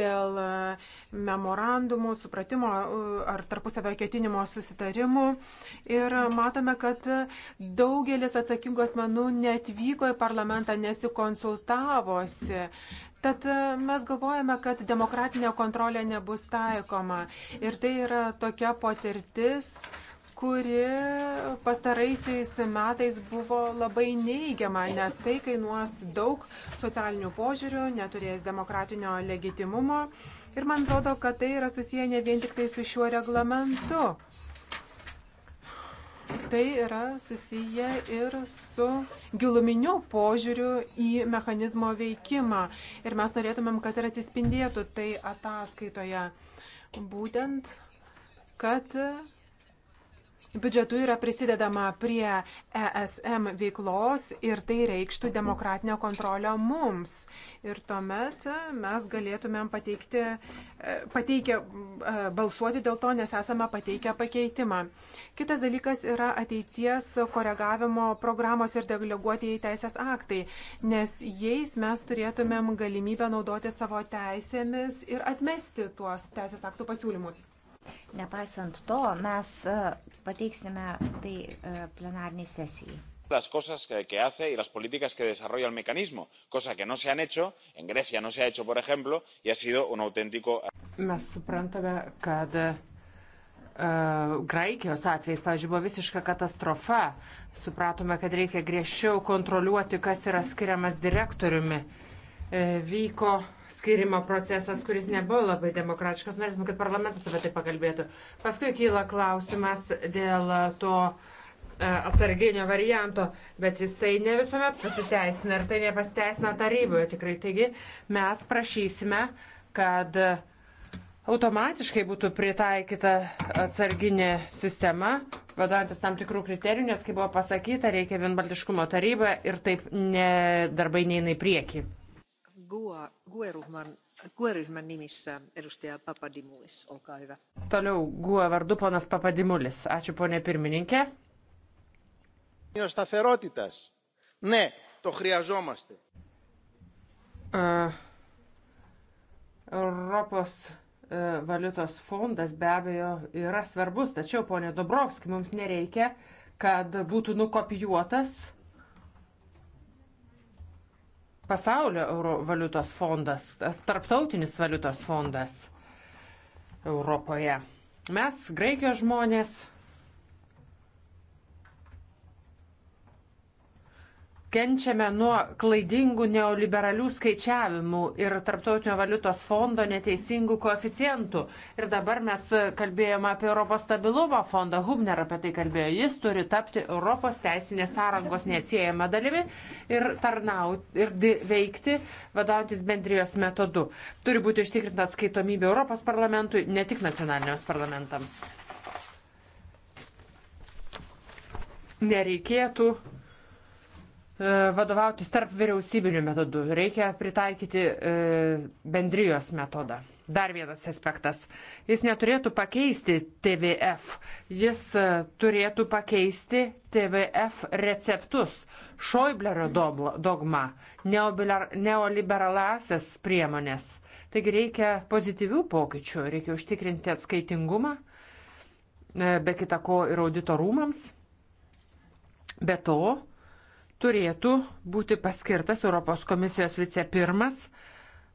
dėl e, memorandumų, supratimo e, ar tarpusavio ketinimo susitarimų. Ir matome, kad daugelis atsakingų asmenų netvyko į parlamentą, nesikonsultavosi. Tad e, mes galvojame, kad demokratinė kontrolė nebus taikoma. Ir tai yra tokia patirtis, kuri pastaraisiais metais buvo labai neigiama, nes tai kainuos daug socialinių požiūrių, neturės demokratinio legitimumo. Ir man atrodo, kad tai yra susiję ne vien tik tai su šiuo reglamentu. Tai yra susiję ir su giluminiu požiūriu į mechanizmo veikimą. Ir mes norėtumėm, kad ir atsispindėtų tai ataskaitoje. Būtent, kad biudžetu yra prisidedama prie ESM veiklos ir tai reikštų demokratinę kontrolę mums. Ir tuomet mes galėtumėm pateikti, e, pateikę, e, balsuoti dėl to, nes esame pateikę pakeitimą. Kitas dalykas yra ateities koregavimo programos ir deleguotieji teisės aktai, nes jais mes turėtumėm galimybę naudoti savo teisėmis ir atmesti tuos teisės aktų pasiūlymus. Nepaisant to, mes e, pateiksime tai e, plenarniai sesijai. las cosas que, que hace y las políticas que desarrolla el mecanismo, cosa que no se han hecho, en Grecia no se ha hecho, por ejemplo, y ha sido un auténtico. Mes suprantame, kad uh, Graikijos atvejais, pavyzdžiui, buvo visiška katastrofa. Supratome, kad reikia griežčiau kontroliuoti, kas yra skiriamas direktoriumi. Uh, vyko uh, skirimo procesas, kuris nebuvo labai demokratiškas, norėsim, kad parlamentas apie tai pakalbėtų. Paskui kyla klausimas dėl to e, atsarginio varianto, bet jisai ne visuomet pasiteisina ir tai nepasiteisina taryboje tikrai. Taigi mes prašysime, kad automatiškai būtų pritaikyta atsarginė sistema, vadovantis tam tikrų kriterijų, nes, kaip buvo pasakyta, reikia vienbaltiškumo taryboje ir taip ne, darbai neina į priekį. GUE ryhmän nimissä edustaja Papadimulis, olkaa hyvä. Toliau GUE vardu ponas Papadimulis. Ačiū ponė pirmininkė. Σταθερότητας. Ναι, το χρειαζόμαστε. Uh, Europos uh, valiutos fondas be abejo yra svarbus, tačiau, ponė Dobrovski, mums nereikia, kad būtų nukopijuotas uh, pasaulio euro valiutos fondas, tarptautinis valiutos fondas Europoje. Mes, Graikijos žmonės, kenčiame nuo klaidingų neoliberalių skaičiavimų ir Tarptautinio valiutos fondo neteisingų koeficientų. Ir dabar mes kalbėjome apie Europos stabilumo fondą, Hubner apie tai kalbėjo, jis turi tapti Europos teisinės sąrangos neatsiejama dalimi ir, tarnaut, ir veikti vadovantis bendrijos metodu. Turi būti ištikrinta atskaitomybė Europos parlamentui, ne tik nacionaliniams parlamentams. Nereikėtų E, vadovautis tarp vyriausybinių metodų, reikia pritaikyti e, bendrijos metodą. Dar vienas aspektas. Jis neturėtų pakeisti TVF, jis e, turėtų pakeisti TVF receptus. Šoiblerio dogma, neoliberalasias priemonės. Taigi reikia pozityvių pokyčių, reikia užtikrinti atskaitingumą, be kita ko ir auditorumams. Be to, turėtų būti paskirtas Europos komisijos vicepirmas,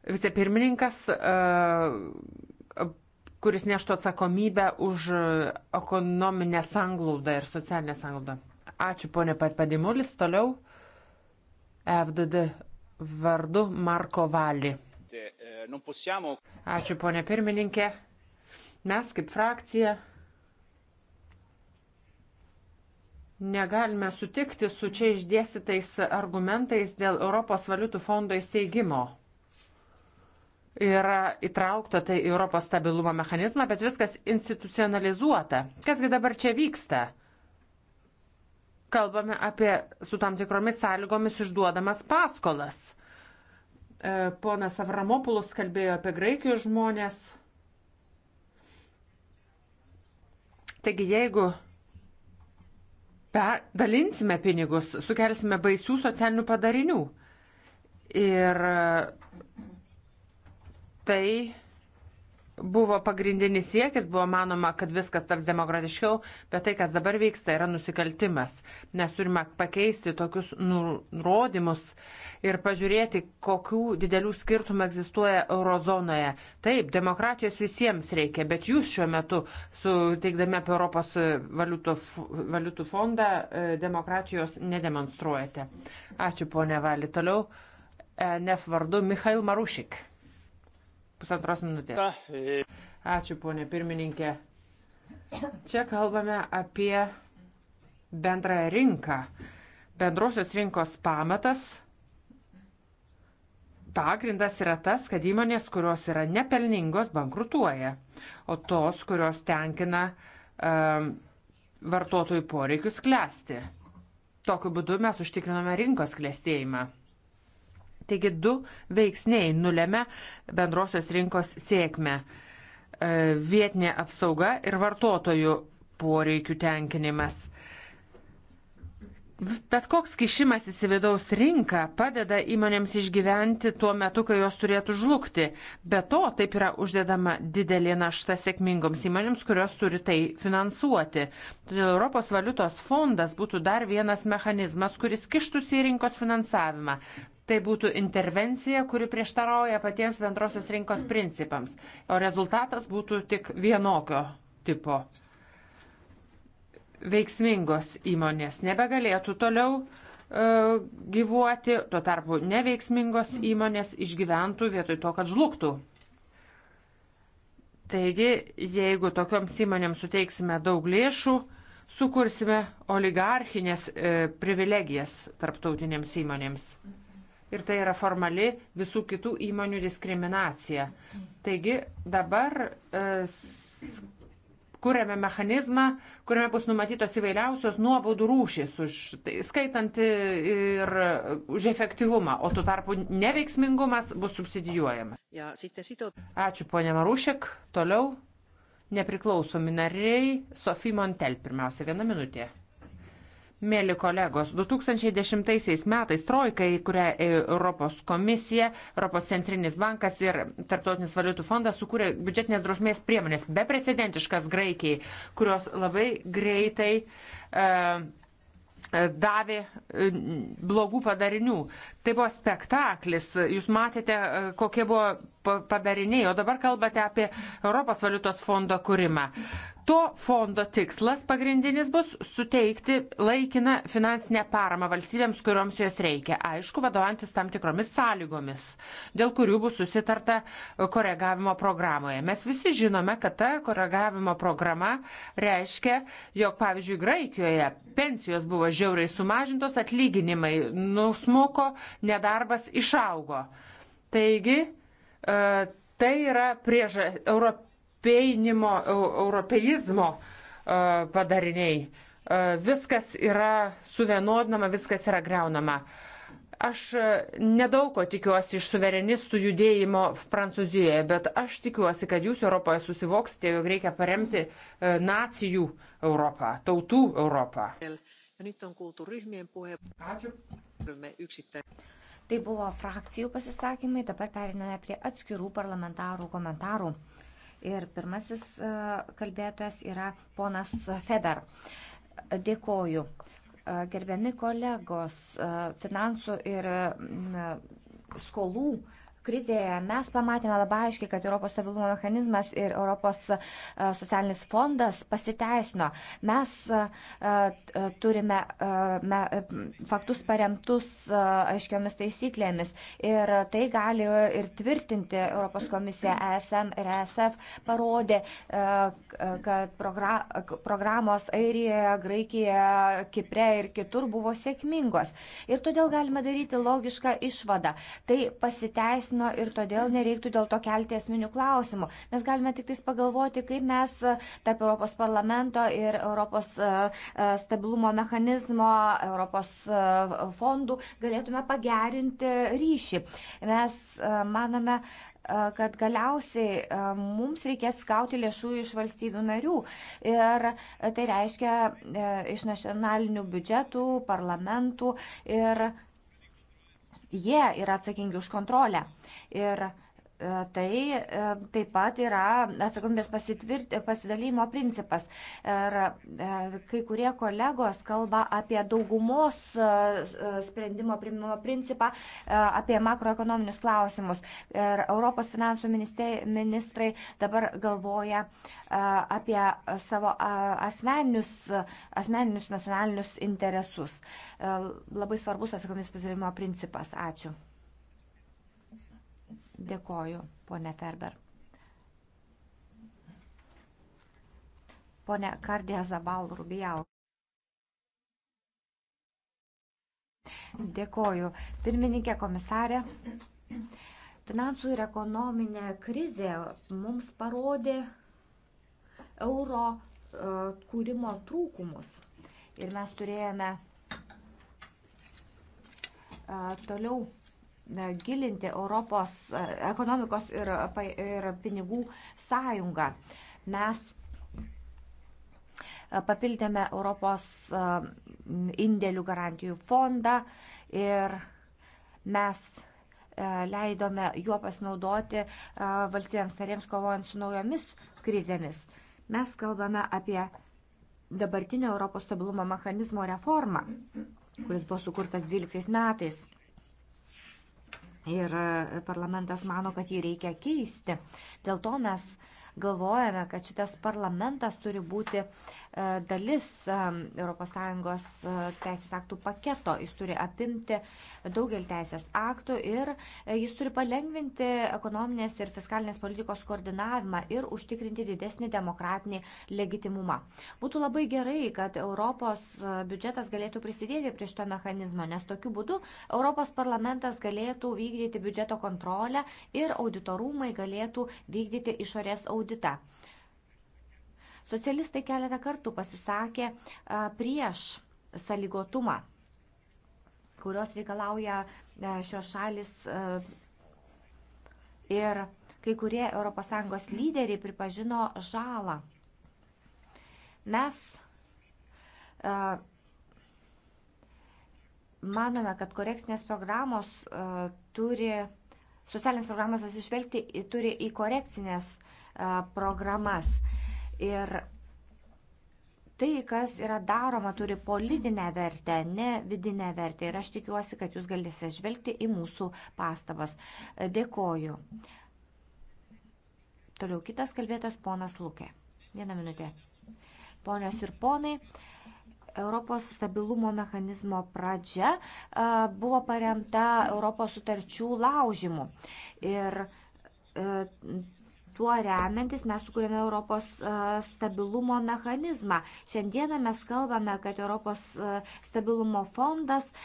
vicepirmininkas, e, kuris neštų atsakomybę už ekonominę sanglaudą ir socialinę sanglaudą. Ačiū ponė Padimulis, toliau FDD vardu Marko Valį. E, Ačiū ponė pirmininkė. Mes kaip frakcija Negalime sutikti su čia išdėstytais argumentais dėl Europos valiutų fondo įsteigimo. Yra įtraukta tai į Europos stabilumo mechanizmą, bet viskas institucionalizuota. Kasgi dabar čia vyksta? Kalbame apie su tam tikromis sąlygomis išduodamas paskolas. E, ponas Avramopulus kalbėjo apie graikijos žmonės. Taigi jeigu dalinsime pinigus, sukelsime baisių socialinių padarinių. Ir tai buvo pagrindinis siekis, buvo manoma, kad viskas taps demokratiškiau, bet tai, kas dabar vyksta, yra nusikaltimas. Nes turime pakeisti tokius nurodymus ir pažiūrėti, kokių didelių skirtumų egzistuoja eurozonoje. Taip, demokratijos visiems reikia, bet jūs šiuo metu, suteikdami apie Europos valiutų, valiutų fondą, e, demokratijos nedemonstruojate. Ačiū, ponė Vali. Toliau, e, nef vardu Mikhail Marušik pusantros minutės. E. Ačiū, ponė pirmininkė. Čia kalbame apie bendrąją rinką. Bendrosios rinkos pamatas, pagrindas yra tas, kad įmonės, kurios yra nepelningos, bankrutuoja, o tos, kurios tenkina um, vartotojų poreikius klesti. Tokiu būdu mes užtikriname rinkos klėstėjimą. Taigi du veiksniai nulėmė bendrosios rinkos sėkmę e, - vietinė apsauga ir vartotojų poreikių tenkinimas. Bet koks kišimas į vidaus rinką padeda įmonėms išgyventi tuo metu, kai jos turėtų žlugti. Be to, taip yra uždedama didelė našta sėkmingoms įmonėms, kurios turi tai finansuoti. Todėl Europos valiutos fondas būtų dar vienas mechanizmas, kuris kištųsi į rinkos finansavimą. Tai būtų intervencija, kuri prieštarauja patiems bendrosios rinkos principams, o rezultatas būtų tik vienokio tipo. Veiksmingos įmonės nebegalėtų toliau e, gyvuoti, tuo tarpu neveiksmingos įmonės išgyventų vietoj to, kad žlugtų. Taigi, jeigu tokioms įmonėms suteiksime daug lėšų, sukursime oligarchinės e, privilegijas tarptautinėms įmonėms ir tai yra formali visų kitų įmonių diskriminacija. Taigi dabar e, kuriame mechanizmą, kuriame bus numatytos įvairiausios nuobaudų rūšys, už, tai, skaitant e, ir už efektyvumą, o tuo tarpu neveiksmingumas bus subsidijuojamas. Ačiū ponė Marušek. Toliau nepriklausomi nariai. Sofija Montel pirmiausia, viena minutė. Mėly kolegos, 2010 metais trojka, į kurią e, Europos komisija, Europos centrinis bankas ir Tarptautinis valiutų fondas sukūrė biudžetinės drausmės priemonės, beprecedentiškas Graikijai, kurios labai greitai uh, davė blogų padarinių. Tai buvo spektaklis. Jūs matėte, kokie buvo padariniai, o dabar kalbate apie Europos valiutos fondo kūrimą. To fondo tikslas pagrindinis bus suteikti laikiną finansinę paramą valstybėms, kuriuoms jos reikia, aišku, vadovantis tam tikromis sąlygomis, dėl kurių bus susitarta koregavimo programoje. Mes visi žinome, kad ta koregavimo programa reiškia, jog, pavyzdžiui, Graikijoje pensijos buvo žiauriai sumažintos, atlyginimai nusmuko, nedarbas išaugo. Taigi, E, tai yra prieža europeinimo, europeizmo e, padariniai. E, viskas yra suvienodinama, viskas yra greunama. Aš nedaug ko tikiuosi iš suverenistų judėjimo Prancūzijoje, bet aš tikiuosi, kad jūs Europoje susivoksite, jog reikia paremti nacijų Europą, tautų Europą. Ačiū. Tai buvo frakcijų pasisakymai, dabar periname prie atskirų parlamentarų komentarų. Ir pirmasis e, kalbėtojas yra ponas Feder. Dėkoju. E, gerbiami kolegos, e, finansų ir skolų krizėje mes pamatėme labai aiškiai, kad Europos stabilumo mechanizmas ir Europos e, socialinis fondas pasiteisino. Mes e, e, turime faktus paremtus aiškiomis taisyklėmis ir tai gali ir tvirtinti Europos komisija ESM ir ESF parodė, kad programos Airijoje, Graikijoje, Kipre ir kitur buvo sėkmingos. Ir todėl galime daryti logišką išvadą. Tai pasiteisino pasiteisino ir todėl nereiktų dėl to kelti esminių klausimų. Mes galime tik tais pagalvoti, kaip mes e, tarp Europos parlamento ir Europos e, e, stabilumo mechanizmo, Europos fondų galėtume pagerinti ryšį. Mes manome, kad galiausiai mums reikės gauti lėšų iš valstybių narių. Ir tai reiškia iš nacionalinių biudžetų, parlamentų ir jie yra atsakingi už kontrolę. Ir E, tai e, taip pat yra atsakomybės pasidalymo principas. Ir e, kai kurie kolegos kalba apie daugumos sprendimo primimo principą, apie makroekonominius klausimus. Ir Europos finansų ministrai dabar galvoja apie savo asmeninius, asmeninius nacionalinius interesus. Labai svarbus atsakomybės pasidalymo principas. Ačiū. Dėkoju, ponė Ferber. Pone Kardė Zabal Rubijau. Dėkoju. Pirmininkė komisarė, finansų ir ekonominė krizė mums parodė euro e, kūrimo trūkumus. Ir mes turėjome e, toliau gilinti Europos e, ekonomikos ir, ir pinigų sąjungą. Mes e, papildėme Europos e, indėlių garantijų fondą ir mes leidome juo pasinaudoti valstybėms narėms kovojant su naujomis krizėmis. Mes kalbame apie dabartinio Europos stabilumo mechanizmo reformą, kuris buvo sukurtas 12 metais. Ir e, parlamentas mano, kad jį reikia keisti. Dėl to mes galvojame, kad šitas parlamentas turi būti E, dalis e, ES e, teisės aktų paketo. Jis turi apimti daugelį teisės aktų ir jis turi palengvinti ekonominės ir fiskalinės politikos koordinavimą ir užtikrinti didesnį demokratinį legitimumą. Būtų labai gerai, kad Europos biudžetas galėtų prisidėti prie šito mechanizmo, nes tokiu būdu Europos parlamentas galėtų vykdyti biudžeto kontrolę ir auditorumai galėtų vykdyti išorės auditą. Socialistai keletą kartų pasisakė prieš saligotumą, kurios reikalauja šios šalis ir kai kurie ES lyderiai pripažino žalą. Mes manome, kad korekcinės programos turi, socialinės programos atsižvelgti turi į korekcinės programas. Ir tai, kas yra daroma, turi politinę vertę, ne vidinę vertę. Ir aš tikiuosi, kad jūs galėsite žvelgti į mūsų pastabas. Dėkoju. Toliau kitas kalbėtas ponas Lukė. Vieną minutę. Ponios ir ponai, Europos stabilumo mechanizmo pradžia buvo paremta Europos sutarčių laužimu. Ir Tuo remiantis mes sukūrėme Europos e, stabilumo mechanizmą. Šiandieną mes kalbame, kad Europos e, stabilumo fondas e,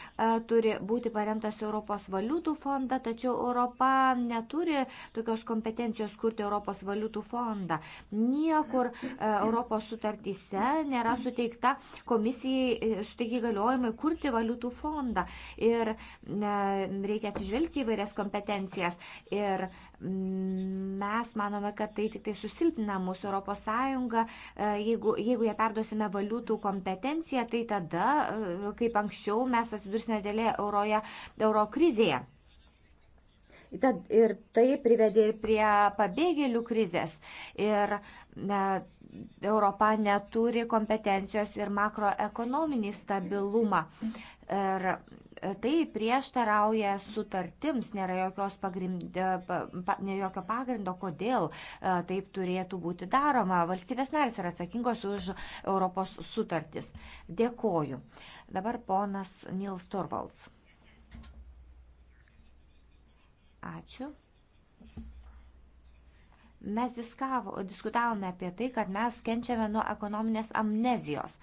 turi būti paremtas Europos valiutų fondą, tačiau Europa neturi tokios kompetencijos kurti Europos valiutų fondą. Niekur Europos sutartyse nėra suteikta komisijai suteikti galiojimai kurti valiutų fondą. Ir reikia atsižvelgti įvairias kompetencijas. Ir Mes manome, kad tai tik tai susilpina mūsų Europos Sąjungą. E, jeigu, jeigu ją perduosime valiutų kompetenciją, tai tada, e, kaip anksčiau, mes atsidursime dėlė euroje, euro krizėje. Tad ir tai privedė ir prie pabėgėlių krizės. Ir ne, Europa neturi kompetencijos ir makroekonominį stabilumą. Ir Tai prieštarauja sutartims, nėra jokios pagrind, e, pa, jokio pagrindo, kodėl e, taip turėtų būti daroma. Valstybės narės yra atsakingos už Europos sutartis. Dėkoju. Dabar ponas Nils Torvalds. Ačiū mes diskavo, diskutavome apie tai, kad mes kenčiame nuo ekonominės amnezijos.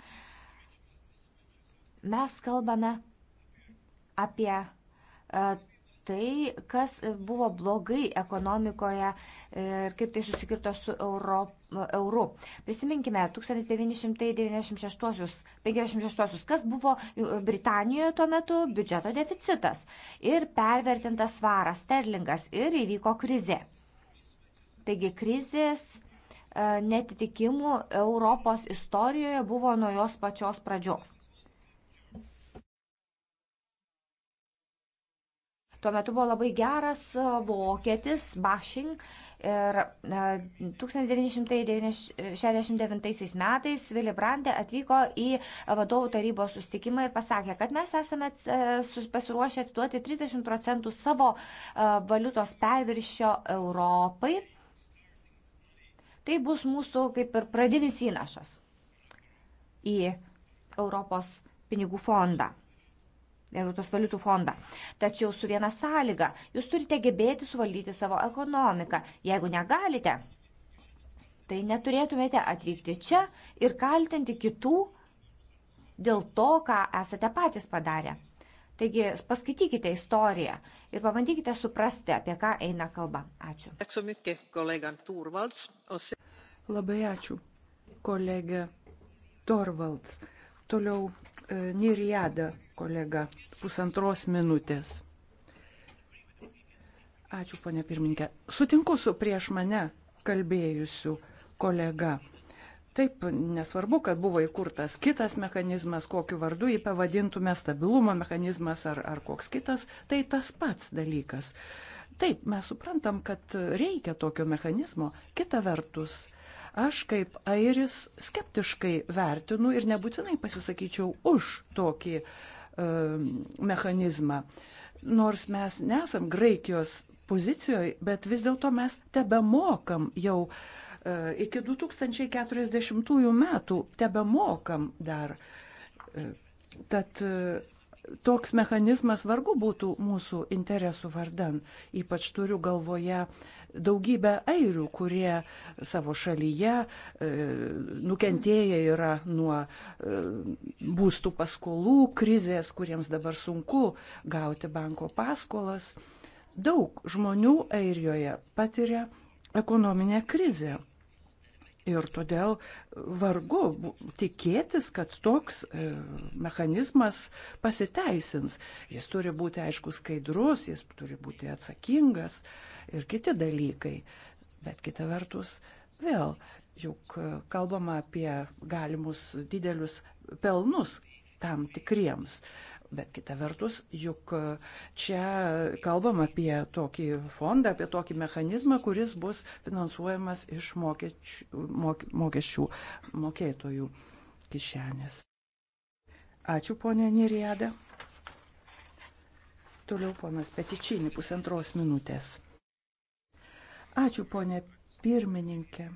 Mes kalbame apie e, tai, kas buvo blogai ekonomikoje e, ir kaip tai susikirto su Europos eurų. Prisiminkime 1956-us, kas buvo e, Britanijoje tuo metu biudžeto deficitas ir pervertintas svaras sterlingas ir įvyko krizė. Taigi krizės netitikimų Europos istorijoje buvo nuo jos pačios pradžios. Tuo metu buvo labai geras e, vokietis Bashing ir 1969 e, metais Vili Brandė atvyko į vadovų tarybos sustikimą ir pasakė, kad mes esame e, pasiruošę atiduoti 30 procentų savo valiutos perviršio Europai. Tai bus mūsų kaip ir pradinis įnašas į Europos pinigų fondą. Europos valiutų fondą. Tačiau su viena sąlyga, jūs turite gebėti suvaldyti savo ekonomiką. Jeigu negalite, tai neturėtumėte atvykti čia ir kaltinti kitų dėl to, ką esate patys padarę. Taigi paskaitykite istoriją ir pabandykite suprasti, apie ką eina kalba. Ačiū. Labai ačiū, kolegė Torvalds. Toliau Niriada kolega, pusantros minutės. Ačiū, ponė pirmininkė. Sutinku su prieš mane kalbėjusiu kolega. Taip, nesvarbu, kad buvo įkurtas kitas mechanizmas, kokiu vardu jį pavadintume stabilumo mechanizmas ar, ar koks kitas, tai tas pats dalykas. Taip, mes suprantam, kad reikia tokio mechanizmo. Kita vertus, Aš kaip airis skeptiškai vertinu ir nebūtinai pasisakyčiau už tokį e, mechanizmą. Nors mes nesam Graikijos pozicijoje, bet vis dėlto mes tebe mokam jau e, iki 2040 metų, tebe mokam dar. E, tad e, toks mechanizmas vargu būtų mūsų interesų vardan, ypač turiu galvoje e, daugybę airių, kurie savo šalyje e, nukentėję yra nuo e, būstų paskolų krizės, kuriems dabar sunku gauti banko paskolas. Daug žmonių Airijoje patiria ekonominę krizę. Ir todėl vargu tikėtis, kad toks e, mechanizmas pasiteisins. Jis turi būti, aišku, skaidrus, jis turi būti atsakingas ir kiti dalykai. Bet kita vertus, vėl, juk e, kalbama apie galimus didelius pelnus tam tikriems Bet kita vertus, juk čia kalbam apie tokį fondą, apie tokį mechanizmą, kuris bus finansuojamas iš mokesčių, mok, mokesčių mokėtojų kišenės. Ačiū, ponė Nirėda. Toliau ponas Petičinį pusantros minutės. Ačiū, ponė pirmininkė.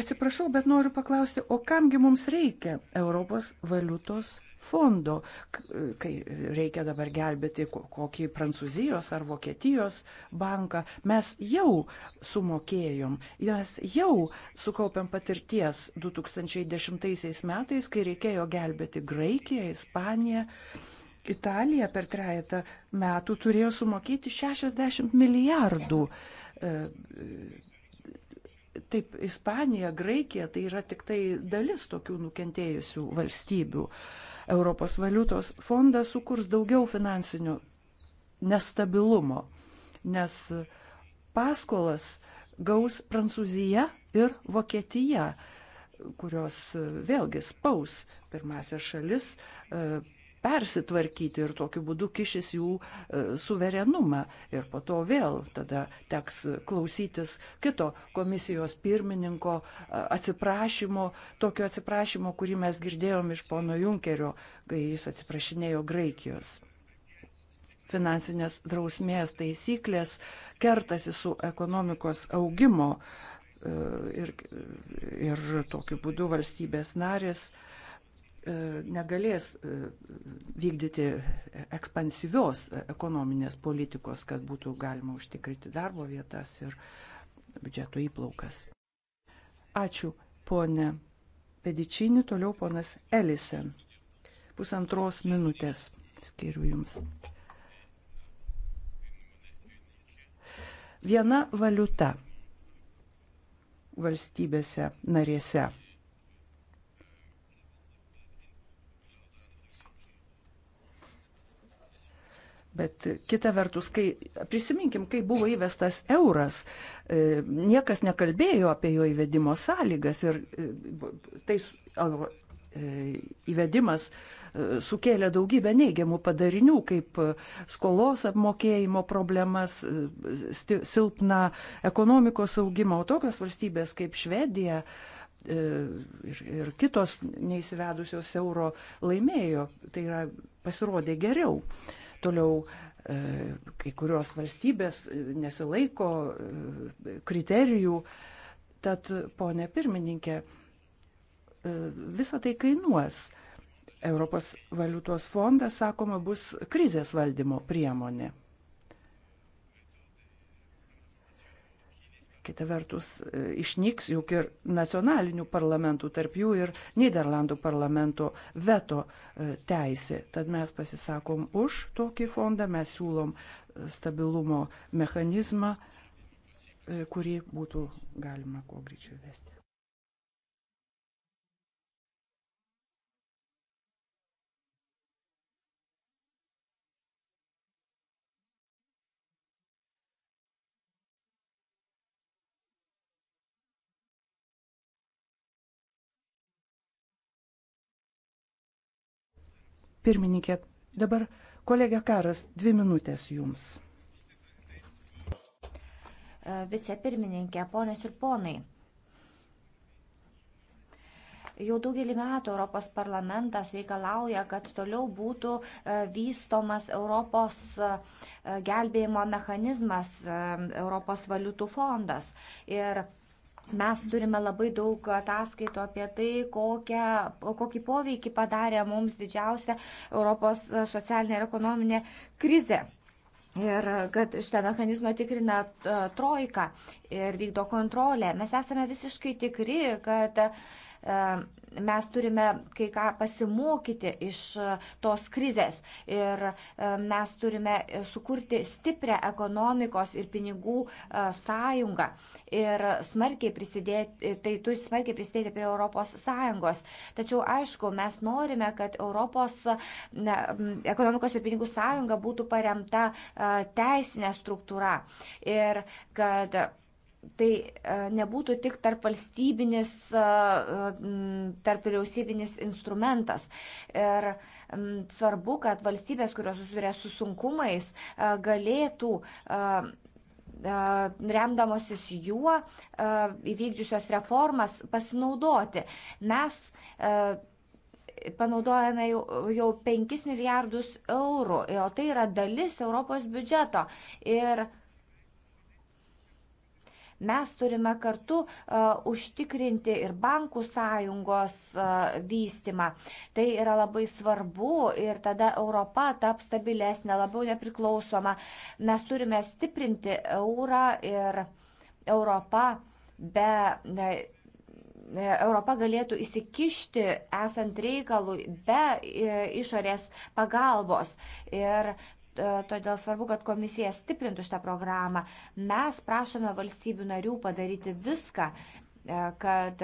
Atsiprašau, bet noriu paklausti, o kamgi mums reikia Europos valiutos fondo, kai reikia dabar gelbėti kokį Prancūzijos ar Vokietijos banką, mes jau sumokėjom, mes jau sukaupėm patirties 2010 metais, kai reikėjo gelbėti Graikiją, Ispaniją. Italija per trejata metų turėjo sumokėti 60 milijardų e, taip, Ispanija, Graikija tai yra tik tai dalis tokių nukentėjusių valstybių. Uh, Europos valiutos fondas sukurs daugiau finansinių nestabilumo, nes paskolas gaus Prancūzija ir Vokietija, kurios vėlgi spaus pirmasias šalis e, persitvarkyti ir tokiu būdu kišis jų e, suverenumą. Ir po to vėl tada teks klausytis kito komisijos pirmininko e, atsiprašymo, tokio atsiprašymo, kurį mes girdėjom iš pono Junkerio, kai jis atsiprašinėjo Graikijos finansinės drausmės taisyklės kertasi su ekonomikos augimo e, ir, ir tokiu būdu valstybės narės uh, E, negalės e, vykdyti ekspansyvios ekonominės politikos, kad būtų galima užtikrinti darbo vietas ir biudžeto įplaukas. Ačiū, ponė Pedičinį, toliau ponas Elisen. Pusantros minutės skiriu jums. Viena valiuta valstybėse narėse Bet kita vertus, kai prisiminkim, kai buvo įvestas euras, e, niekas nekalbėjo apie jo įvedimo sąlygas ir e, tais euro e, įvedimas sukėlė daugybę neigiamų padarinių, kaip skolos apmokėjimo problemas, silpną ekonomikos augimą, o tokios valstybės kaip Švedija ir, ir kitos neįsivedusios euro laimėjo, tai yra pasirodė geriau. Uh, Toliau e, kai kurios valstybės e, nesilaiko e, kriterijų. Tad, ponė pirmininkė, visa tai kainuos. Europos valiutos fondas, sakoma, bus krizės valdymo priemonė. Kita vertus, e, išnyks juk ir nacionalinių parlamentų, tarp jų ir Niderlandų parlamento veto e, teisė. Tad mes pasisakom už tokį fondą, mes siūlom e, stabilumo mechanizmą, kurį būtų galima kuo greičiau vesti. pirmininkė. Dabar kolegė Karas, dvi minutės jums. E, vicepirmininkė, ponios ir ponai. Jau daugelį metų Europos parlamentas reikalauja, kad toliau būtų e, vystomas Europos e, gelbėjimo mechanizmas, Europos valiutų fondas. Ir mes turime labai daug ataskaitų apie tai, kokią, kokį poveikį padarė mums didžiausia Europos socialinė ir ekonominė krizė. Ir kad šitą mechanizmą tikrina e, trojka ir vykdo kontrolę. Mes esame visiškai tikri, kad E, mes turime kai ką pasimokyti iš tos krizės ir e, mes turime sukurti stiprią ekonomikos ir pinigų e, sąjungą ir smarkiai prisidėti, tai turi smarkiai prisidėti prie Europos sąjungos. Tačiau, aišku, mes norime, kad Europos ne, ekonomikos ir pinigų sąjunga būtų paremta teisinė struktūra ir kad tai e, nebūtų tik tarp valstybinis, e, e, tarp vyriausybinis instrumentas. Ir svarbu, kad valstybės, kurios susiduria su sunkumais, galėtų remdamosis juo įvykdžiusios reformas pasinaudoti. Mes panaudojame jau, jau 5 milijardus eurų, o tai yra dalis Europos biudžeto. Ir uh, Mes turime kartu uh, užtikrinti ir bankų sąjungos uh, vystimą. Tai yra labai svarbu ir tada Europa taps stabilesnė, labiau nepriklausoma. Mes turime stiprinti eurą ir Europa be. Ne, Europa galėtų įsikišti esant reikalui be e, išorės pagalbos. Ir E, todėl svarbu, kad komisija stiprintų šitą programą. Mes prašome valstybių narių padaryti viską, e, kad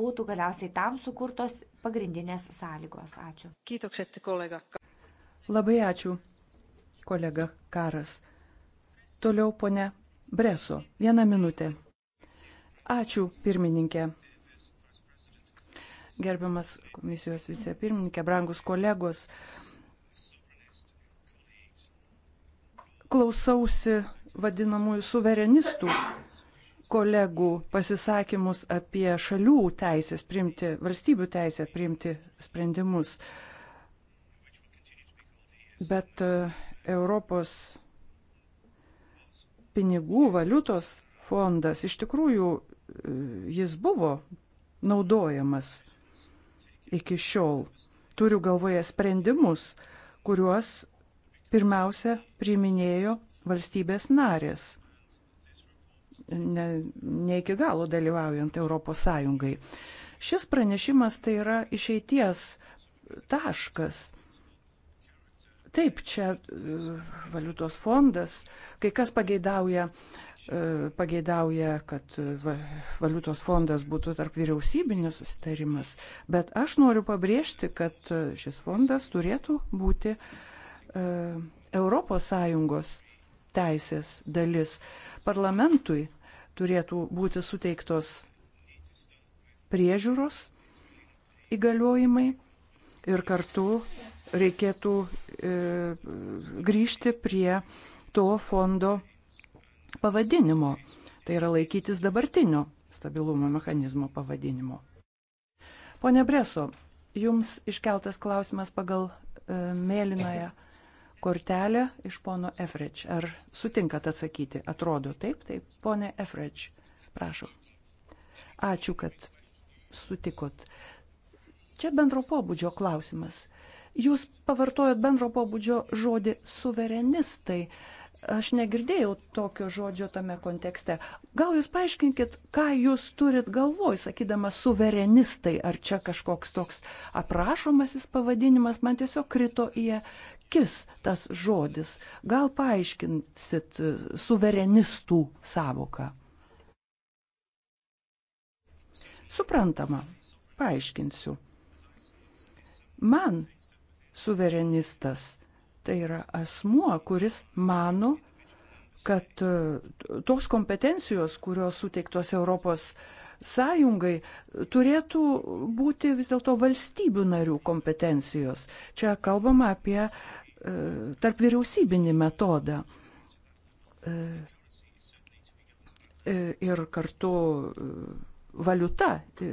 būtų galiausiai tam sukurtos pagrindinės sąlygos. Ačiū. Kiitokset, kolega. Labai ačiū, kolega Karas. Toliau ponia Breso. Vieną minutę. Ačiū, pirmininkė. Gerbiamas komisijos vicepirmininkė, brangus kolegos. Uh, klausausi vadinamųjų suverenistų kolegų pasisakymus apie šalių teisės priimti, valstybių teisę priimti sprendimus. Bet e, Europos pinigų valiutos fondas iš tikrųjų e, jis buvo naudojamas iki šiol. Turiu galvoje sprendimus, kuriuos pirmiausia priiminėjo valstybės narės, ne, ne iki galo dalyvaujant Europos Sąjungai. Šis pranešimas tai yra išeities taškas. Taip, čia e, valiutos fondas, kai kas pageidauja, e, pageidauja, kad e, valiutos fondas būtų tarp vyriausybinis susitarimas, bet aš noriu pabrėžti, kad šis fondas turėtų būti uh, ES teisės dalis. Parlamentui turėtų būti suteiktos priežiūros įgaliojimai ir kartu reikėtų e, grįžti prie to fondo pavadinimo. Tai yra laikytis dabartinio stabilumo mechanizmo pavadinimo. Pone Breso, jums iškeltas klausimas pagal e, mėlynąją kortelę iš pono Efreč. Ar sutinkat atsakyti? Atrodo taip, taip. Pone Efreč, prašau. Ačiū, kad sutikot. Čia bendro pobūdžio klausimas. Jūs pavartojot bendro pobūdžio žodį suverenistai. Aš negirdėjau tokio žodžio tame kontekste. Gal jūs paaiškinkit, ką jūs turit galvoj, sakydama suverenistai, ar čia kažkoks toks aprašomasis pavadinimas, man tiesiog krito į akis tas žodis. Gal paaiškinsit suverenistų savoką? Suprantama, paaiškinsiu. Man suverenistas tai yra asmuo, kuris mano, kad e, tos kompetencijos, kurios suteiktos Europos sąjungai, turėtų būti vis dėlto valstybių narių kompetencijos. Čia kalbama apie tarp vyriausybinį metodą. E, ir kartu e, valiuta e,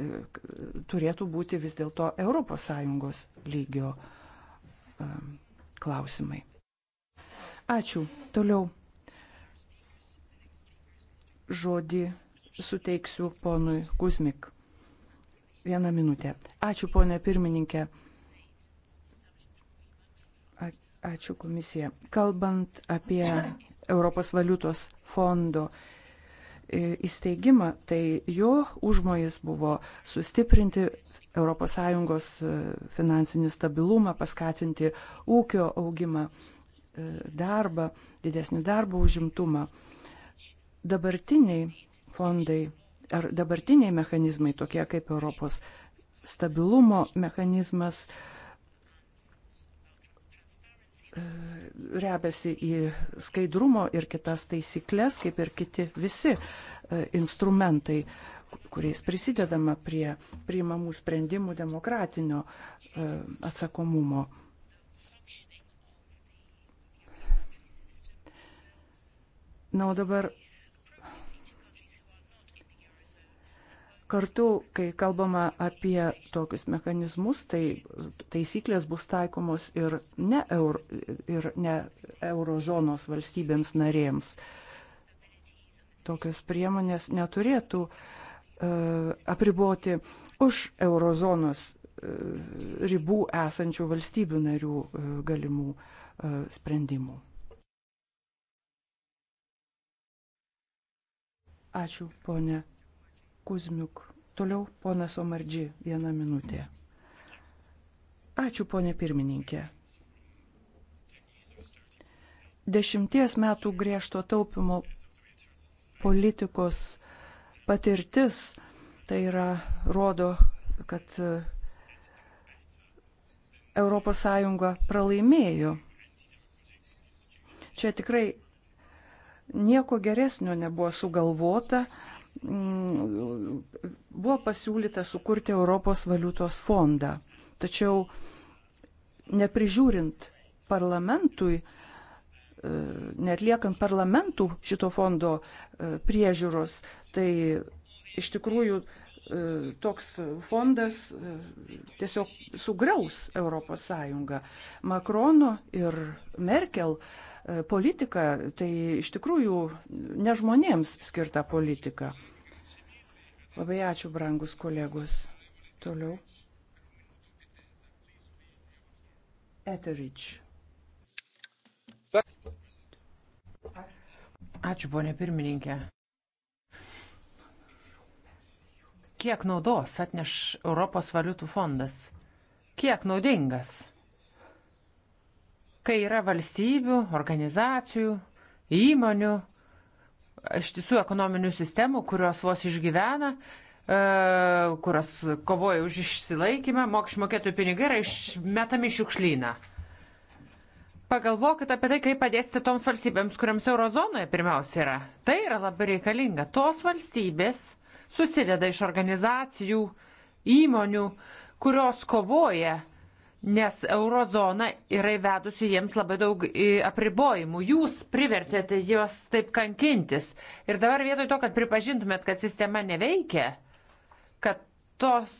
turėtų būti vis dėlto ES lygio klausimai. Ačiū. Toliau žodį suteiksiu ponui Kuzmik. Vieną minutę. Ačiū, ponė pirmininkė. Ačiū komisija. Kalbant apie Europos valiutos fondo e, įsteigimą, tai jo užmojas buvo sustiprinti ES e, finansinį stabilumą, paskatinti ūkio augimą, e, darbą, didesnį darbo užimtumą. Dabartiniai fondai ar dabartiniai mechanizmai, tokie kaip Europos stabilumo mechanizmas, uh, rebesi į skaidrumo ir kitas taisyklės, kaip ir kiti visi e, instrumentai, kuriais prisidedama prie priimamų sprendimų demokratinio e, atsakomumo. Na, o dabar Kartu, kai kalbama apie tokius mechanizmus, tai taisyklės bus taikomos ir ne, euro, ir ne eurozonos valstybėms narėms. Tokios priemonės neturėtų uh, apriboti už eurozonos uh, ribų esančių valstybių narių uh, galimų uh, sprendimų. Ačiū, ponė Kuzmiuk. Toliau ponas Omardži, vieną minutę. Ačiū, ponė pirmininkė. Dešimties metų griežto taupimo politikos patirtis tai yra rodo, kad ES pralaimėjo. Čia tikrai nieko geresnio nebuvo sugalvota, Mm, buvo pasiūlyta sukurti Europos valiutos fondą. Tačiau neprižiūrint parlamentui, e, netliekant parlamentų šito fondo e, priežiūros, tai iš tikrųjų e, toks fondas tiesiog sugraus ES. Makrono ir Merkel uh, E, politiką, tai iš tikrųjų ne žmonėms skirta politika. Labai ačiū, brangus kolegos. Toliau. Eteridge. Ačiū, ponė pirmininkė. Kiek naudos atneš Europos valiutų fondas? Kiek naudingas? kai yra valstybių, organizacijų, įmonių, iš tiesų ekonominių sistemų, kurios vos išgyvena, e, kurios kovoja už išsilaikymą, mokesčių mokėtojų pinigai yra išmetami šiukšlyną. Pagalvokit apie tai, kaip padėsite toms valstybėms, kuriams eurozonoje pirmiausia yra. Tai yra labai reikalinga. Tos valstybės susideda iš organizacijų, įmonių, kurios kovoja nes eurozona yra įvedusi jiems labai daug e, apribojimų. Jūs privertėte juos taip kankintis. Ir dabar vietoj to, kad pripažintumėt, kad sistema neveikia, kad tos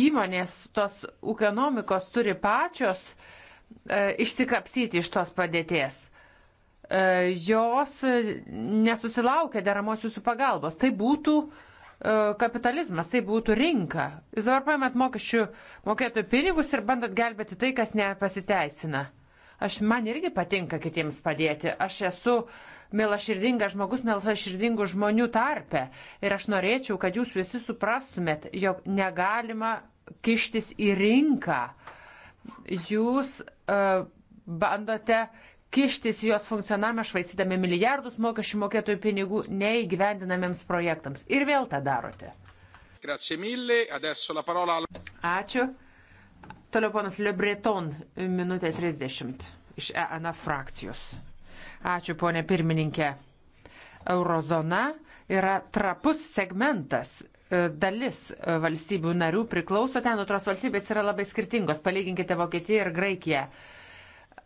įmonės, tos ekonomikos turi pačios e, išsikapsyti iš tos padėties. E, jos nesusilaukia deramos jūsų pagalbos. Tai būtų e, E, kapitalizmas, tai būtų rinka. Jūs dabar paimat mokesčių mokėtojų pinigus ir bandot gelbėti tai, kas nepasiteisina. Aš man irgi patinka kitiems padėti. Aš esu mielaširdingas žmogus, mielaširdingų žmonių tarpe. Ir aš norėčiau, kad jūs visi suprastumėt, jog negalima kištis į rinką. Jūs uh, bandote kištis į jos funkcionavimą, švaistydami milijardus mokesčių mokėtojų pinigų neįgyvendinamiems projektams. Ir vėl tą darote. Ačiū. Toliau ponas Lebreton, minutė 30 iš EANA frakcijos. Ačiū, ponė pirmininkė. Eurozona yra trapus segmentas e, dalis e, valstybių narių priklauso ten, o tos valstybės yra labai skirtingos. Palyginkite Vokietiją ir Graikiją.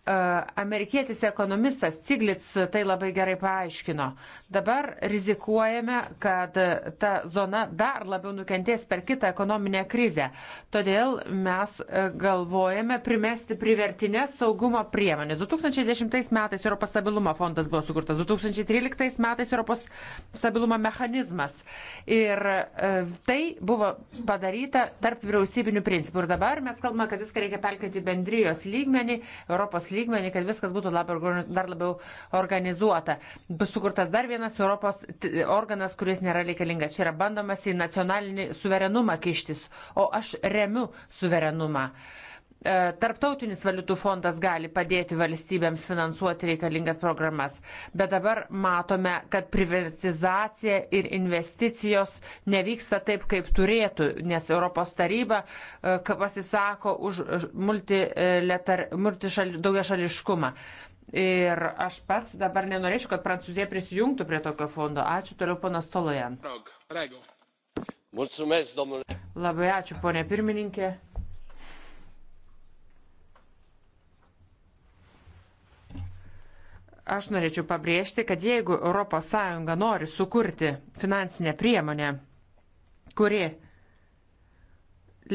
Amerikietis ekonomistas Ciglits tai labai gerai paaiškino. Dabar rizikuojame, kad ta zona dar labiau nukentės per kitą ekonominę krizę. Todėl mes e, galvojame primesti privertinės saugumo priemonės. 2010 metais Europos stabilumo fondas buvo sukurtas, 2013 metais Europos stabilumo mechanizmas. Ir e, tai buvo padaryta tarp vyriausybinių principų. Ir dabar mes kalbame, kad viską reikia perkelti bendrijos lygmenį, Europos lygmenį lygmenį, kad viskas būtų labiau, dar labiau organizuota. Bus sukurtas dar vienas Europos organas, kuris nėra reikalingas. Čia yra bandomas į nacionalinį suverenumą kištis, o aš remiu suverenumą. Uh, E, tarptautinis valiutų fondas gali padėti valstybėms finansuoti reikalingas programas, bet dabar matome, kad privatizacija ir investicijos nevyksta taip, kaip turėtų, nes Europos taryba e, pasisako už e, multišali, daugiašališkumą. Ir aš pats dabar nenorėčiau, kad Prancūzija prisijungtų prie tokio fondo. Ačiū toliau, ponas Tolojan. Labai ačiū, ponė pirmininkė. Aš norėčiau pabrėžti, kad jeigu ES nori sukurti finansinę priemonę, kuri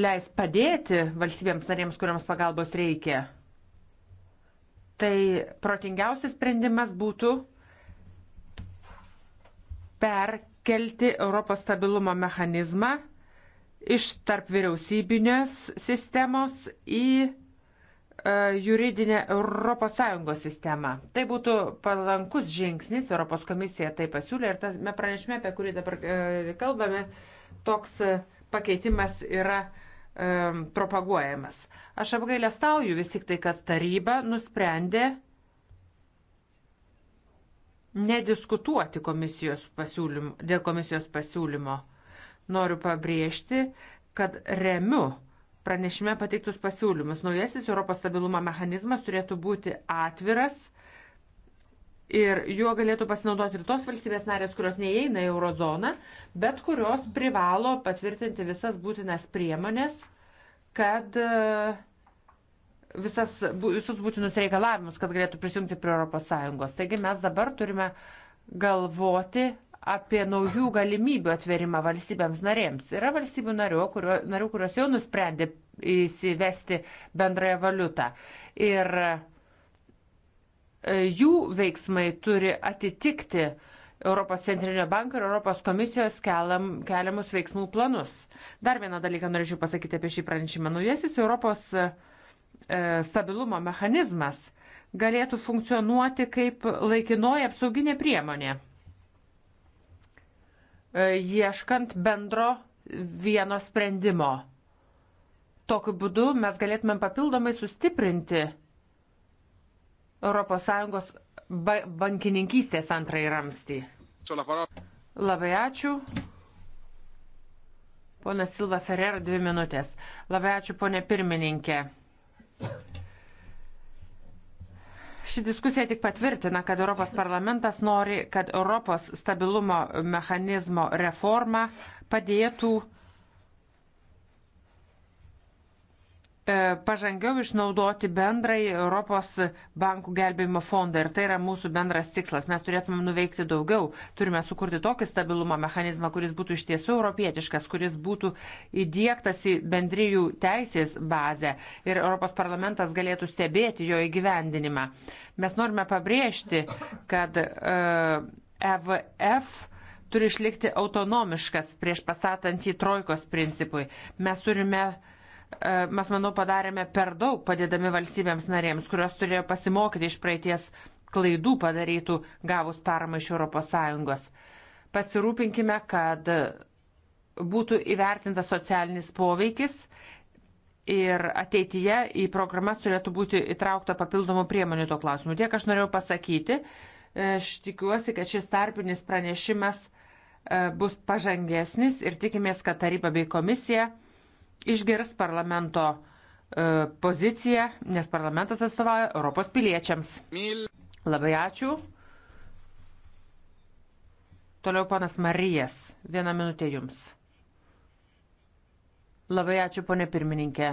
leis padėti valstybėms narėms, kuriams pagalbos reikia, tai protingiausias sprendimas būtų perkelti Europos stabilumo mechanizmą iš tarp vyriausybinės sistemos į E, juridinę ES sistemą. Tai būtų palankus žingsnis, Europos komisija tai pasiūlė ir tame pranešime, apie kurį dabar e, kalbame, toks e, pakeitimas yra propaguojamas. Aš apgailestauju vis tik tai, kad taryba nusprendė nediskutuoti komisijos pasiūlymo, dėl komisijos pasiūlymo. Noriu pabrėžti, kad remiu pranešime pateiktus pasiūlymus. Naujasis Europos stabilumo mechanizmas turėtų būti atviras ir juo galėtų pasinaudoti ir tos valstybės narės, kurios neįeina į eurozoną, bet kurios privalo patvirtinti visas būtinas priemonės, kad e, visas, visus būtinus reikalavimus, kad galėtų prisijungti prie ES. Taigi mes dabar turime galvoti apie naujų galimybių atverimą valstybėms narėms. Yra valstybių narių, kurio, narių kurios jau nusprendė įsivesti bendrąją valiutą. Ir e, jų veiksmai turi atitikti Europos centrinio banko ir Europos komisijos keliam, keliamus veiksmų planus. Dar vieną dalyką norėčiau pasakyti apie šį pranešimą. Naujasis Europos e, stabilumo mechanizmas galėtų funkcionuoti kaip laikinoji apsauginė priemonė E, ieškant bendro vieno sprendimo. Tokiu būdu mes galėtumėm papildomai sustiprinti ES ba bankininkystės antrąjį ramstį. Labai ačiū. Pona Silva Ferrer, dvi minutės. Labai ačiū, ponė pirmininkė. Ši diskusija tik patvirtina, kad Europos parlamentas nori, kad Europos stabilumo mechanizmo reforma padėtų E, pažangiau išnaudoti bendrai Europos bankų gelbėjimo fondą. Ir tai yra mūsų bendras tikslas. Mes turėtume nuveikti daugiau. Turime sukurti tokį stabilumo mechanizmą, kuris būtų iš tiesų europietiškas, kuris būtų įdėktas į bendryjų teisės bazę ir Europos parlamentas galėtų stebėti jo įgyvendinimą. Mes norime pabrėžti, kad uh, e, EVF turi išlikti autonomiškas prieš pasatant į trojkos principui. Mes turime uh, E, mes, manau, padarėme per daug padėdami valstybėms narėms, kurios turėjo pasimokyti iš praeities klaidų padarytų gavus paramą iš ES. Pasirūpinkime, kad būtų įvertintas socialinis poveikis ir ateityje į programas turėtų būti įtraukta papildomų priemonių to klausimu. Tiek aš norėjau pasakyti. E, aš tikiuosi, kad šis tarpinis pranešimas e, bus pažangesnis ir tikimės, kad taryba bei komisija išgirs parlamento e, poziciją, nes parlamentas atstovauja Europos piliečiams. Labai ačiū. Toliau panas Marijas. Vieną minutę jums. Labai ačiū, ponė pirmininkė.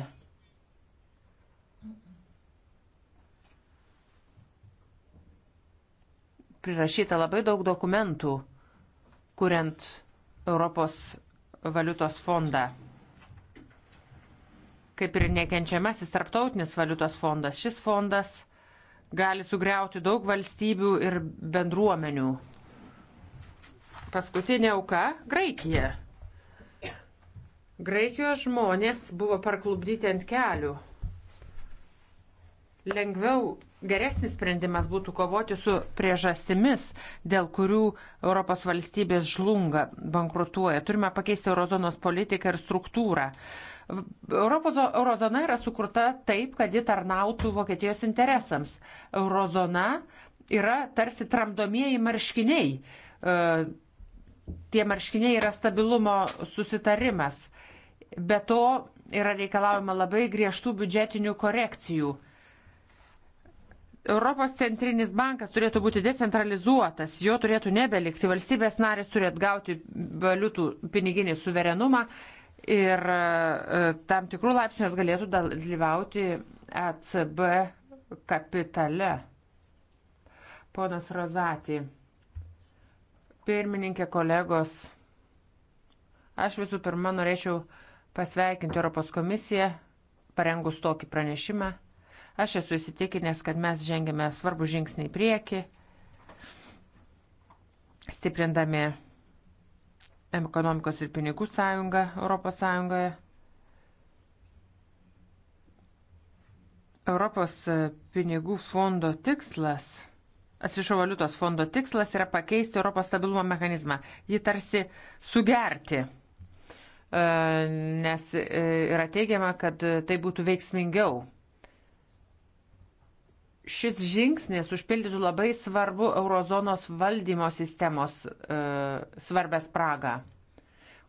Prirašyta labai daug dokumentų, kuriant Europos valiutos fondą kaip ir nekenčiamasis tarptautinis valiutos fondas. Šis fondas gali sugriauti daug valstybių ir bendruomenių. Paskutinė auka - Graikija. Graikijos žmonės buvo parklubdyti ant kelių. Lengviau geresnis sprendimas būtų kovoti su priežastimis, dėl kurių Europos valstybės žlunga, bankrutuoja. Turime pakeisti eurozonos politiką ir struktūrą. Europos, eurozona yra sukurta taip, kad ji tarnautų Vokietijos interesams. Eurozona yra tarsi tramdomieji marškiniai. E, tie marškiniai yra stabilumo susitarimas. Be to yra reikalaujama labai griežtų biudžetinių korekcijų. Europos centrinis bankas turėtų būti decentralizuotas, jo turėtų nebelikti, valstybės narės turi atgauti valiutų piniginį suverenumą ir e, tam tikrų laipsnių jos galėtų dalyvauti ECB kapitale. Ponas Rozatį, pirmininkė kolegos, aš visų pirma norėčiau pasveikinti Europos komisiją, parengus tokį pranešimą. Aš esu įsitikinęs, kad mes žengėme svarbų žingsnį į priekį, stiprindami ekonomikos ir pinigų sąjunga Europos Sąjungoje. Europos e, pinigų fondo tikslas, atsiprašau, valiutos fondo tikslas yra pakeisti Europos stabilumo mechanizmą. Jį tarsi sugerti, e, nes e, yra teigiama, kad tai būtų veiksmingiau šis žingsnis užpildytų labai svarbu eurozonos valdymo sistemos e, svarbę spragą.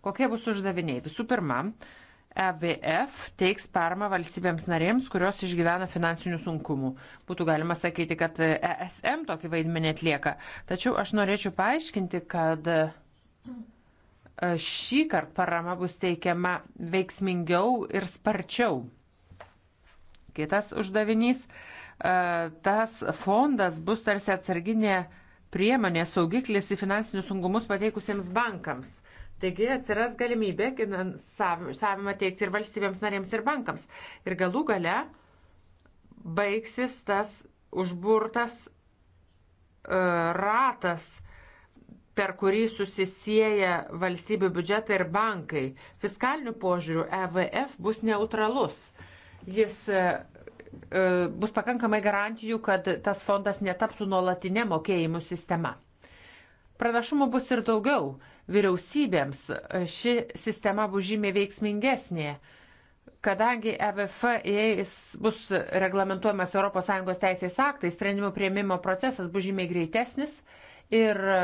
Kokie bus uždaviniai? Visų pirma, EVF teiks parmą valstybėms narėms, kurios išgyvena finansinių sunkumų. Būtų galima sakyti, kad ESM tokį vaidmenį atlieka. Tačiau aš norėčiau paaiškinti, kad e, šį kartą parama bus teikiama veiksmingiau ir sparčiau. Kitas uždavinys E, tas fondas bus tarsi atsarginė priemonė, saugiklis į finansinius sunkumus pateikusiems bankams. Taigi atsiras galimybė finansavimą teikti ir valstybėms narėms ir bankams. Ir galų gale baigsis tas užburtas uh, ratas, per kurį susisieja valstybių biudžetai ir bankai. Fiskalinių požiūrių EVF bus neutralus. Jis uh, E, bus pakankamai garantijų, kad tas fondas netaptų nuolatinė mokėjimų sistema. Pranašumų bus ir daugiau. Vyriausybėms ši sistema bus žymiai veiksmingesnė, kadangi EVF bus reglamentuojamas ES teisės aktais, sprendimų prieimimo procesas bus žymiai greitesnis ir e,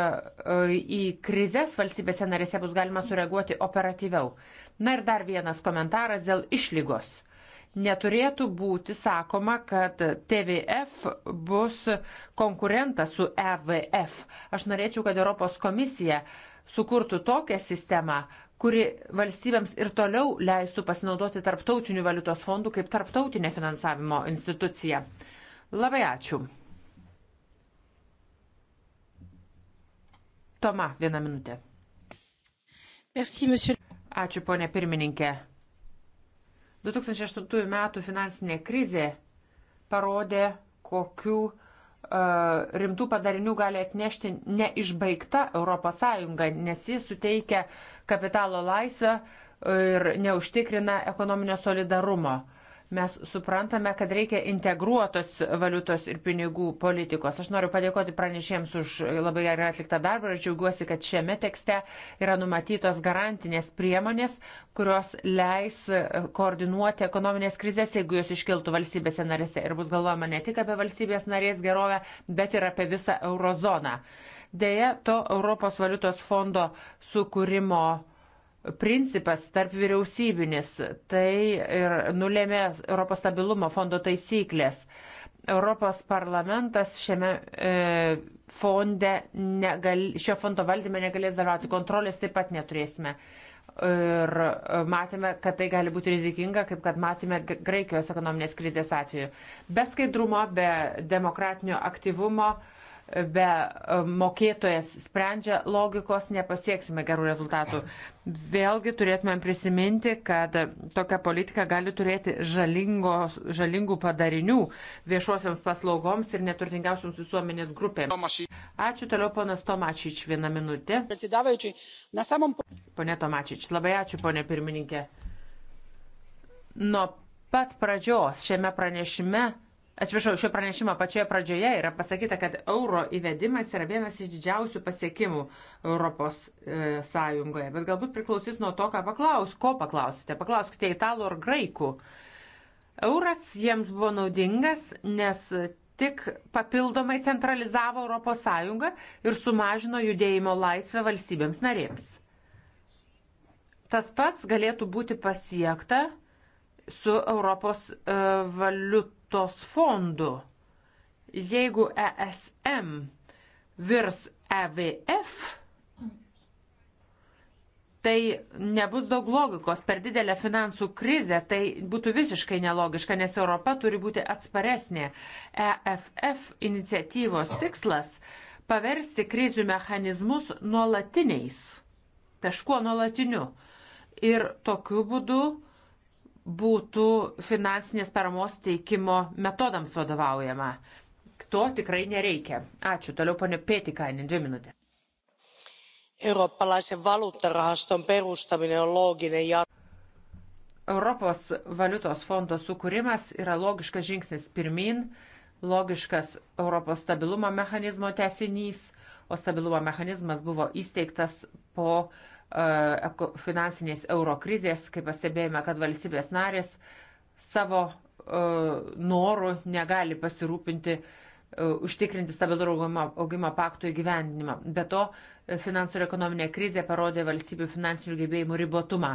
į krizės valstybėse narėse bus galima sureaguoti operatyviau. Na ir dar vienas komentaras dėl išlygos Neturėtų būti sakoma, kad TVF bus konkurentas su EVF. Aš norėčiau, kad Europos komisija sukurtų tokią sistemą, kuri valstybėms ir toliau leistų pasinaudoti tarptautinių valiutos fondų kaip tarptautinė finansavimo institucija. Labai ačiū. Toma, vieną minutę. Merci, monsieur. Ačiū, ponė pirmininkė. 2008 metų finansinė krizė parodė, kokiu e, rimtų padarinių gali atnešti neišbaigta ES, nes ji suteikia kapitalo laisvę ir neužtikrina ekonominio solidarumo mes suprantame, kad reikia integruotos valiutos ir pinigų politikos. Aš noriu padėkoti pranešėjams už labai gerai atliktą darbą ir džiaugiuosi, kad šiame tekste yra numatytos garantinės priemonės, kurios leis koordinuoti ekonominės krizės, jeigu jos iškiltų valstybėse narėse. Ir bus galvojama ne tik apie valstybės narės gerovę, bet ir apie visą eurozoną. Deja, to Europos valiutos fondo sukūrimo principas tarp vyriausybinis, tai ir nulėmė Europos stabilumo fondo taisyklės. Europos parlamentas šiame e, fonde, negal, šio fondo valdyme negalės dalyvauti, kontrolės taip pat neturėsime. Ir matėme, kad tai gali būti rizikinga, kaip kad matėme Graikijos ekonominės krizės atveju. Be skaidrumo, be demokratinio aktyvumo e, be e, mokėtojas sprendžia logikos, nepasieksime gerų rezultatų. Vėlgi turėtumėm prisiminti, kad tokia politika gali turėti žalingo, žalingų padarinių viešuosiams paslaugoms ir neturtingiausiams visuomenės grupėms. Ačiū toliau, ponas Tomačič, vieną minutę. Pone Tomačič, labai ačiū, ponė pirmininkė. Nuo pat pradžios šiame pranešime Atsiprašau, šio pranešimo pačioje pradžioje yra pasakyta, kad euro įvedimas yra vienas iš didžiausių pasiekimų Europos e, Sąjungoje. Bet galbūt priklausys nuo to, ką paklaus, ko paklausite. Paklauskite italų ar graikų. Euras jiems buvo naudingas, nes tik papildomai centralizavo Europos Sąjungą ir sumažino judėjimo laisvę valstybėms narėms. Tas pats galėtų būti pasiekta su Europos e, valiutų valiutos fondu. Jeigu ESM virs EVF, tai nebus daug logikos. Per didelę finansų krizę tai būtų visiškai nelogiška, nes Europa turi būti atsparesnė. EFF iniciatyvos tikslas - paversti krizių mechanizmus nuolatiniais, taškuo nuolatiniu. Ir tokiu būdu būtų finansinės paramos teikimo metodams vadovaujama. To tikrai nereikia. Ačiū. Toliau ponė Pietikainen, dvi minutės. Eurooppalaisen valuuttarahaston perustaminen on looginen ja... Europos valiutos fondo sukūrimas yra logiškas žingsnis pirmin, logiškas Europos stabilumo mechanizmo tesinys, o stabilumo mechanizmas buvo įsteigtas po uh, E, finansinės euro krizės, kai pastebėjome, kad valstybės narės savo e, norų negali pasirūpinti e, užtikrinti stabilų augimo pakto įgyvendinimą. Be to, finansų ir ekonominė krizė parodė valstybių finansinių gebėjimų ribotumą.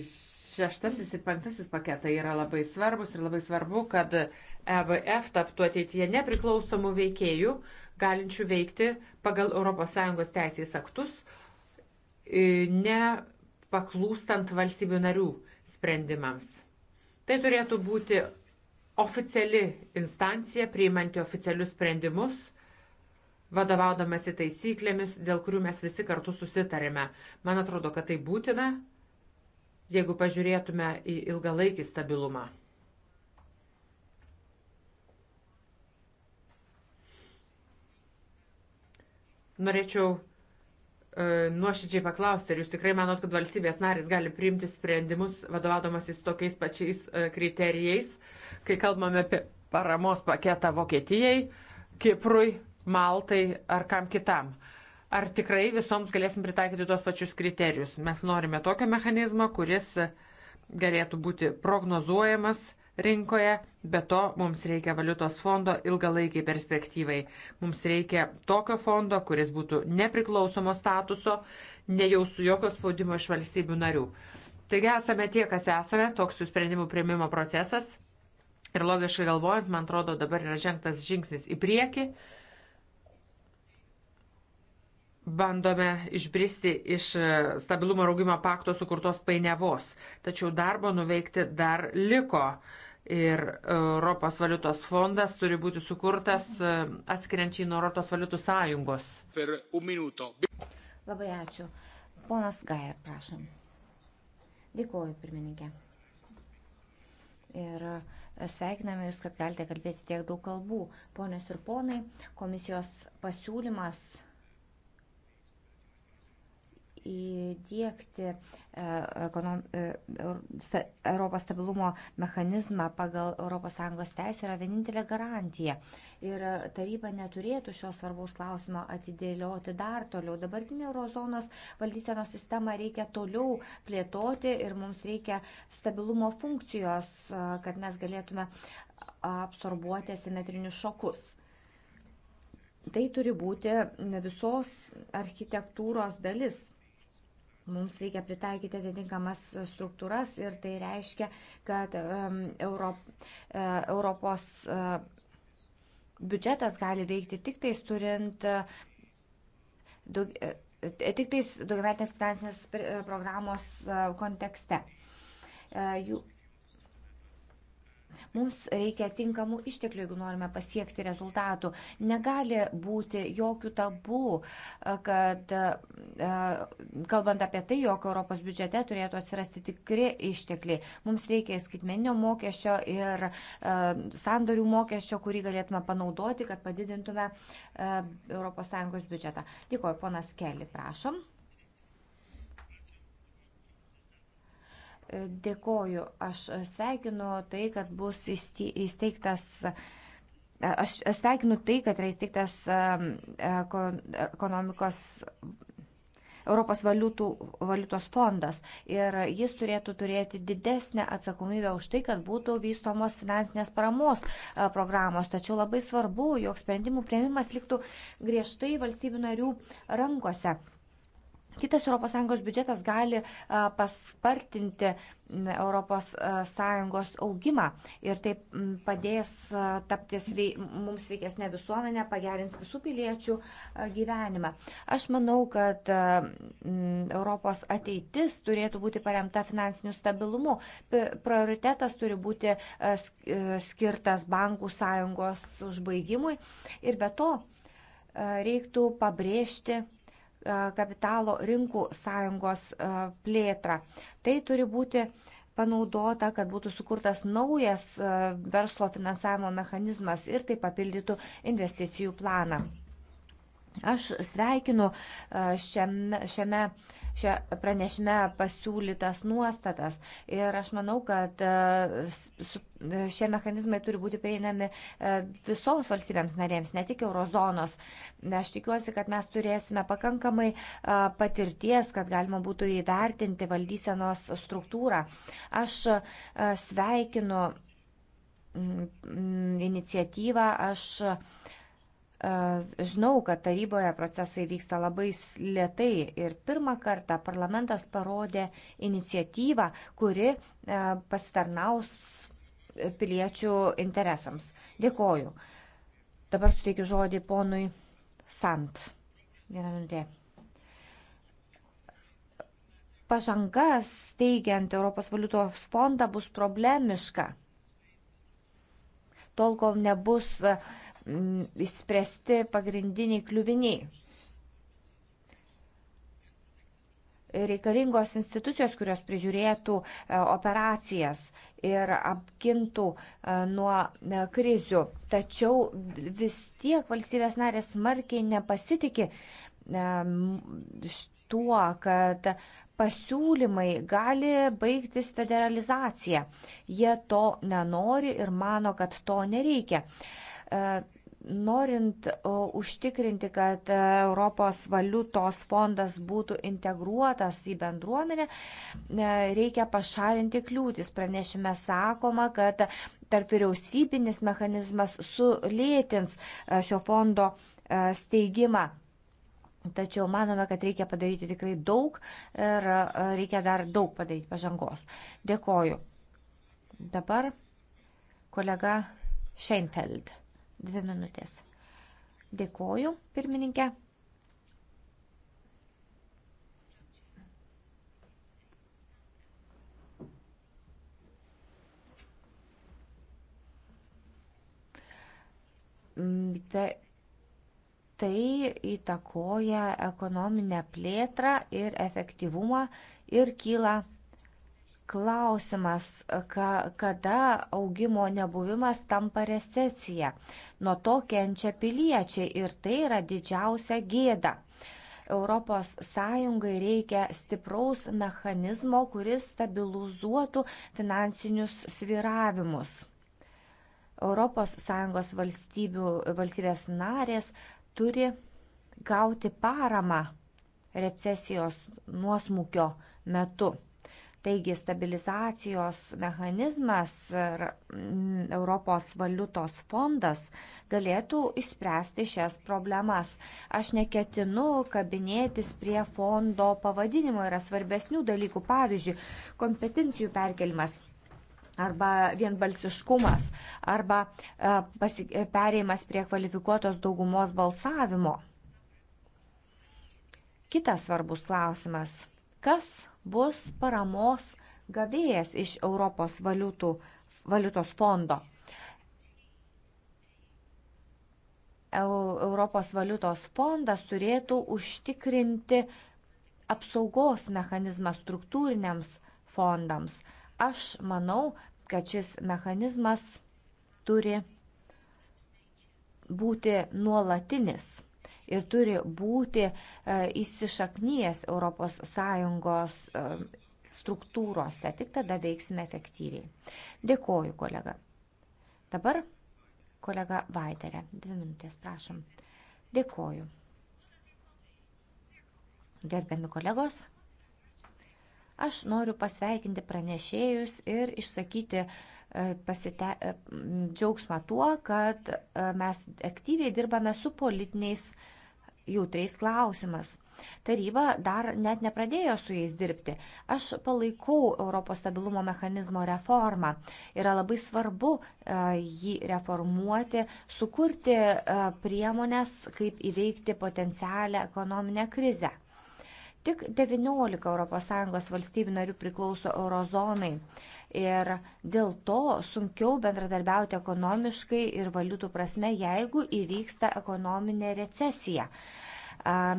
Šeštasis ir penktasis paketai yra labai svarbus ir labai svarbu, kad EVF taptų ateityje nepriklausomų veikėjų, galinčių veikti pagal ES teisės aktus, e, nepaklūstant valstybių narių sprendimams. Tai turėtų būti oficiali instancija, priimanti oficialius sprendimus, vadovaudamasi taisyklėmis, dėl kurių mes visi kartu susitarėme. Man atrodo, kad tai būtina, jeigu pažiūrėtume į ilgalaikį stabilumą. Norėčiau e, nuoširdžiai paklausti, ar jūs tikrai manot, kad valstybės narės gali priimti sprendimus vadovaudomasis tokiais pačiais e, kriterijais, kai kalbame apie paramos paketą Vokietijai, Kiprui, Maltai ar kam kitam. Ar tikrai visoms galėsim pritaikyti tuos pačius kriterijus? Mes norime tokio mechanizmo, kuris galėtų būti prognozuojamas rinkoje, be to mums reikia valiutos fondo ilgalaikiai perspektyvai. Mums reikia tokio fondo, kuris būtų nepriklausomo statuso, nejaustų jokio spaudimo iš valstybių narių. Taigi esame tie, kas esame, toks jų sprendimų prieimimo procesas. Ir logiškai galvojant, man atrodo, dabar yra žengtas žingsnis į priekį. Bandome išbristi iš stabilumo raugimo pakto sukurtos painiavos, tačiau darbo nuveikti dar liko. Uh, ir Europos valiutos fondas turi būti sukurtas e, atskiriančiai nuo Europos valiutų sąjungos. Labai ačiū. Ponas Gajer, prašom. Dėkuoju, pirmininkė. Ir e, sveikiname Jūs, kad galite kalbėti tiek daug kalbų. Ponios ir ponai, komisijos pasiūlymas įdėkti e, e, Europos stabilumo mechanizmą pagal ES teisę yra vienintelė garantija. Ir taryba neturėtų šios svarbaus klausimo atidėlioti dar toliau. Dabartinė eurozonos valdysenos sistema reikia toliau plėtoti ir mums reikia stabilumo funkcijos, e, kad mes galėtume absorbuoti asimetrinius šokus. Tai turi būti visos architektūros dalis Mums reikia pritaikyti atitinkamas struktūras ir tai reiškia, kad Europ, e, Europos e, biudžetas gali veikti tik tais turint e, daug, tik tais daugiametinės finansinės programos kontekste. Jų Mums reikia tinkamų išteklių, jeigu norime pasiekti rezultatų. Negali būti jokių tabų, e, kad e, e, kalbant apie tai, jog Europos biudžete turėtų atsirasti tikri ištekliai. Mums reikia skaitmeninio mokesčio ir sandorių mokesčio, kurį galėtume panaudoti, kad padidintume ES biudžetą. Dėkuoju, ponas Kelly, prašom. Dėkoju. Aš sveikinu tai, kad bus įsteigtas. Aš sveikinu tai, kad yra įsteigtas um, ekonomikos Europos valiutų, valiutos fondas. Ir jis turėtų turėti didesnę atsakomybę už tai, kad būtų vystomos finansinės paramos e, programos. Tačiau labai svarbu, jog sprendimų prieimimas liktų griežtai valstybių narių rankose. Kitas ES biudžetas gali paspartinti ES augimą ir taip padės tapti svei, mums sveikesnė visuomenė, pagerins visų piliečių gyvenimą. Aš manau, kad Europos ateitis turėtų būti paremta finansiniu stabilumu. Prioritetas turi būti e, skirtas bankų sąjungos užbaigimui ir be to reiktų pabrėžti E, kapitalo rinkų sąjungos e, plėtrą. Tai turi būti panaudota, kad būtų sukurtas naujas e, verslo finansavimo mechanizmas ir tai papildytų investicijų planą. Aš sveikinu šiame, šiame šią pranešime pasiūlytas nuostatas. Ir aš manau, kad e, e, šie mechanizmai turi būti prieinami e, visoms valstybėms narėms, ne tik eurozonos. Aš tikiuosi, kad mes turėsime pakankamai patirties, kad galima būtų įvertinti valdysenos struktūrą. Aš sveikinu iniciatyvą, aš Žinau, kad taryboje procesai vyksta labai lietai ir pirmą kartą parlamentas parodė iniciatyvą, kuri e, pasitarnaus piliečių interesams. Dėkoju. Dabar suteikiu žodį ponui Sant. Vieną minutę. Pažanga steigiant Europos valiutos fondą bus problemiška. Tol, kol nebus uh, Mm, išspręsti pagrindiniai kliuviniai. Reikalingos institucijos, kurios prižiūrėtų e, operacijas ir apgintų e, nuo e, krizių. Tačiau vis tiek valstybės narės smarkiai nepasitikė tuo, kad pasiūlymai gali baigtis federalizacija. Jie to nenori ir mano, kad to nereikia. Norint užtikrinti, kad e, Europos valiutos fondas būtų integruotas į bendruomenę, e, reikia pašalinti kliūtis. Pranešime sakoma, kad tarp vyriausybinis mechanizmas sulėtins e, šio fondo steigimą. Tačiau manome, kad reikia padaryti tikrai daug ir reikia dar daug padaryti pažangos. Dėkoju. Dabar kolega Scheinfeld dvi minutės. Dėkoju, pirmininkė. Tai, tai įtakoja ekonominę plėtrą ir efektyvumą ir kyla klausimas, ka, kada augimo nebuvimas tampa recesija. Nuo to kenčia piliečiai ir tai yra didžiausia gėda. Europos Sąjungai reikia stipraus mechanizmo, kuris stabilizuotų finansinius sviravimus. Europos Sąjungos valstybės narės turi gauti paramą recesijos nuosmukio metu. Taigi stabilizacijos mechanizmas ir mm, Europos valiutos fondas galėtų įspręsti šias problemas. Aš neketinu kabinėtis prie fondo pavadinimo, yra svarbesnių dalykų, pavyzdžiui, kompetencijų perkelimas arba vienbalsiškumas, arba e, e, pereimas prie kvalifikuotos daugumos balsavimo. Kitas svarbus klausimas - kas bus paramos gavėjas iš Europos valiutų, valiutos fondo. Europos valiutos fondas turėtų užtikrinti apsaugos mechanizmą struktūriniams fondams. Aš manau, kad šis mechanizmas turi būti nuolatinis ir turi būti e, įsišaknyjęs ES e, struktūrose. Tik tada veiksime efektyviai. Dėkoju, kolega. Dabar kolega Vaiterė. Dvi minutės, prašom. Dėkoju. Gerbiami kolegos, aš noriu pasveikinti pranešėjus ir išsakyti e, pasite, džiaugsmą tuo, kad mes aktyviai dirbame su politiniais uh, jautriais klausimas. Taryba dar net nepradėjo su jais dirbti. Aš palaikau Europos stabilumo mechanizmo reformą. Yra labai svarbu e, jį reformuoti, sukurti e, priemonės, kaip įveikti potencialią ekonominę krizę. Tik 19 ES valstybių narių priklauso eurozonai ir dėl to sunkiau bendradarbiauti ekonomiškai ir valiutų prasme, jeigu įvyksta ekonominė recesija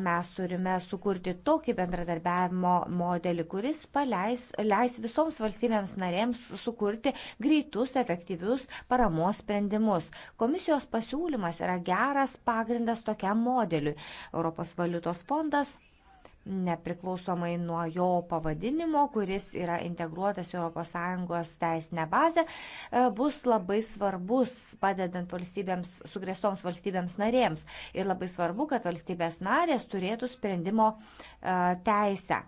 mes turime sukurti tokį bendradarbiavimo modelį, kuris paleis, leis visoms valstybėms narėms sukurti greitus, efektyvius paramos sprendimus. Komisijos pasiūlymas yra geras pagrindas tokiam modeliui. Europos valiutos fondas nepriklausomai nuo jo pavadinimo, kuris yra integruotas į ES teisinę bazę, e, bus labai svarbus padedant valstybėms, sugrėstoms valstybėms narėms. Ir labai svarbu, kad valstybės narės turėtų sprendimo e, teisę.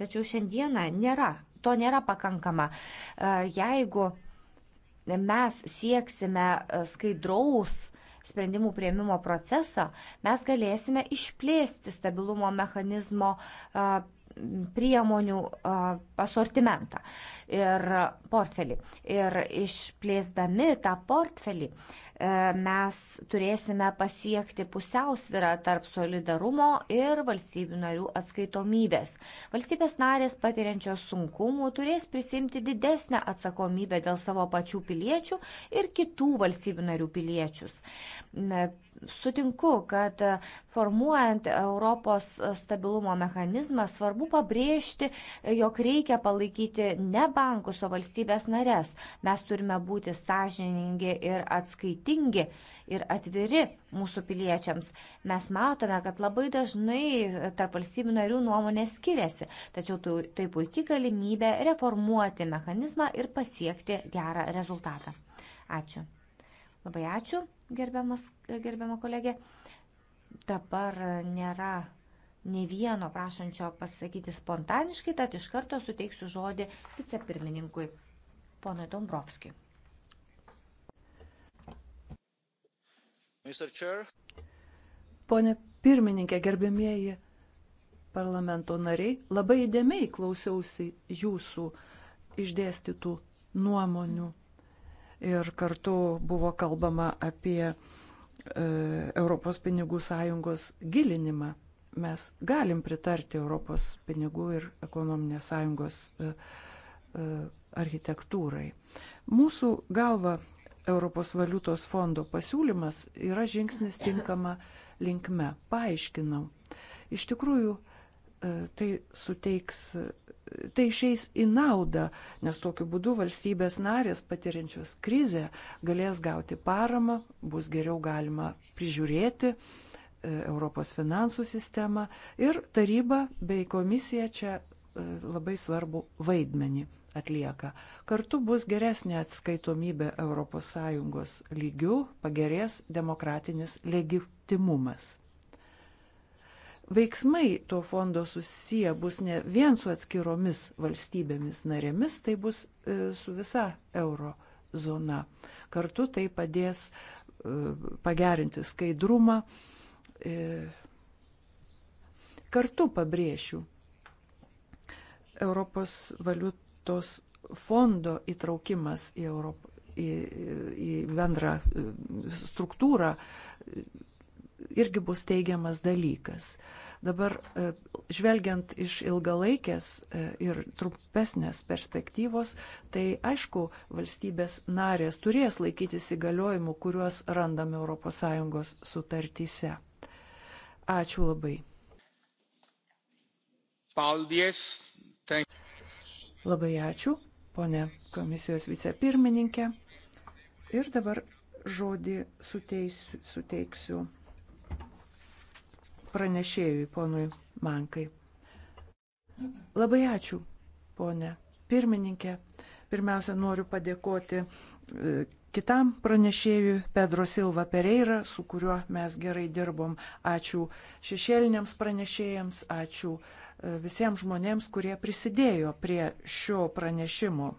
Tačiau šiandieną nėra, to nėra pakankama. E, jeigu mes sieksime skaidraus, sprendimų prieimimo procesą, mes galėsime išplėsti stabilumo mechanizmo priemonių asortimentą ir portfelį. Ir išplėsdami tą portfelį e, mes turėsime pasiekti pusiausvirą tarp solidarumo ir valstybių narių atskaitomybės. Valstybės narės patiriančios sunkumų turės prisimti didesnę atsakomybę dėl savo pačių piliečių ir kitų valstybių narių piliečius. Sutinku, kad formuojant Europos stabilumo mechanizmą svarbu pabrėžti, jog reikia palaikyti ne bankus, o valstybės narės. Mes turime būti sąžiningi ir atskaitingi ir atviri mūsų piliečiams. Mes matome, kad labai dažnai tarp valstybių narių nuomonė skiriasi, tačiau tai puikiai galimybė reformuoti mechanizmą ir pasiekti gerą rezultatą. Ačiū. Labai ačiū gerbiamas, gerbiama kolegė. Dabar nėra ne vieno prašančio pasakyti spontaniškai, tad iš karto suteiksiu žodį vicepirmininkui, ponui Dombrovskijui. Pone pirmininkė, gerbėmieji parlamento nariai, labai įdėmiai klausiausi jūsų išdėstytų nuomonių ir kartu buvo kalbama apie e, Europos pinigų sąjungos gilinimą. Mes galim pritarti Europos pinigų ir ekonominės sąjungos e, e, architektūrai. Mūsų galva Europos valiutos fondo pasiūlymas yra žingsnis tinkama linkme. Paaiškinau. Iš tikrųjų, tai suteiks tai išeis į naudą, nes tokiu būdu valstybės narės patiriančios krizę galės gauti paramą, bus geriau galima prižiūrėti e, Europos finansų sistemą ir taryba bei komisija čia e, labai svarbu vaidmenį atlieka. Kartu bus geresnė atskaitomybė ES lygių, pagerės demokratinis legitimumas veiksmai to fondo susiję bus ne vien su atskiromis valstybėmis narėmis, tai bus e, su visa euro zona. Kartu tai padės e, pagerinti skaidrumą. E, kartu pabrėšiu Europos valiutos fondo įtraukimas į, Europą, į, į bendrą struktūrą irgi bus teigiamas dalykas. Dabar, e, žvelgiant iš ilgalaikės e, ir trumpesnės perspektyvos, tai aišku, valstybės narės turės laikytis įgaliojimų, kuriuos randame ES sutartyse. Ačiū labai. Labai ačiū, ponė komisijos vicepirmininkė. Ir dabar žodį suteisiu, suteiksiu pranešėjui, ponui Mankai. Labai ačiū, ponė pirmininkė. Pirmiausia, noriu padėkoti e, kitam pranešėjui Pedro Silva Pereira, su kuriuo mes gerai dirbom. Ačiū šešėliniams pranešėjams, ačiū e, visiems žmonėms, kurie prisidėjo prie šio pranešimo.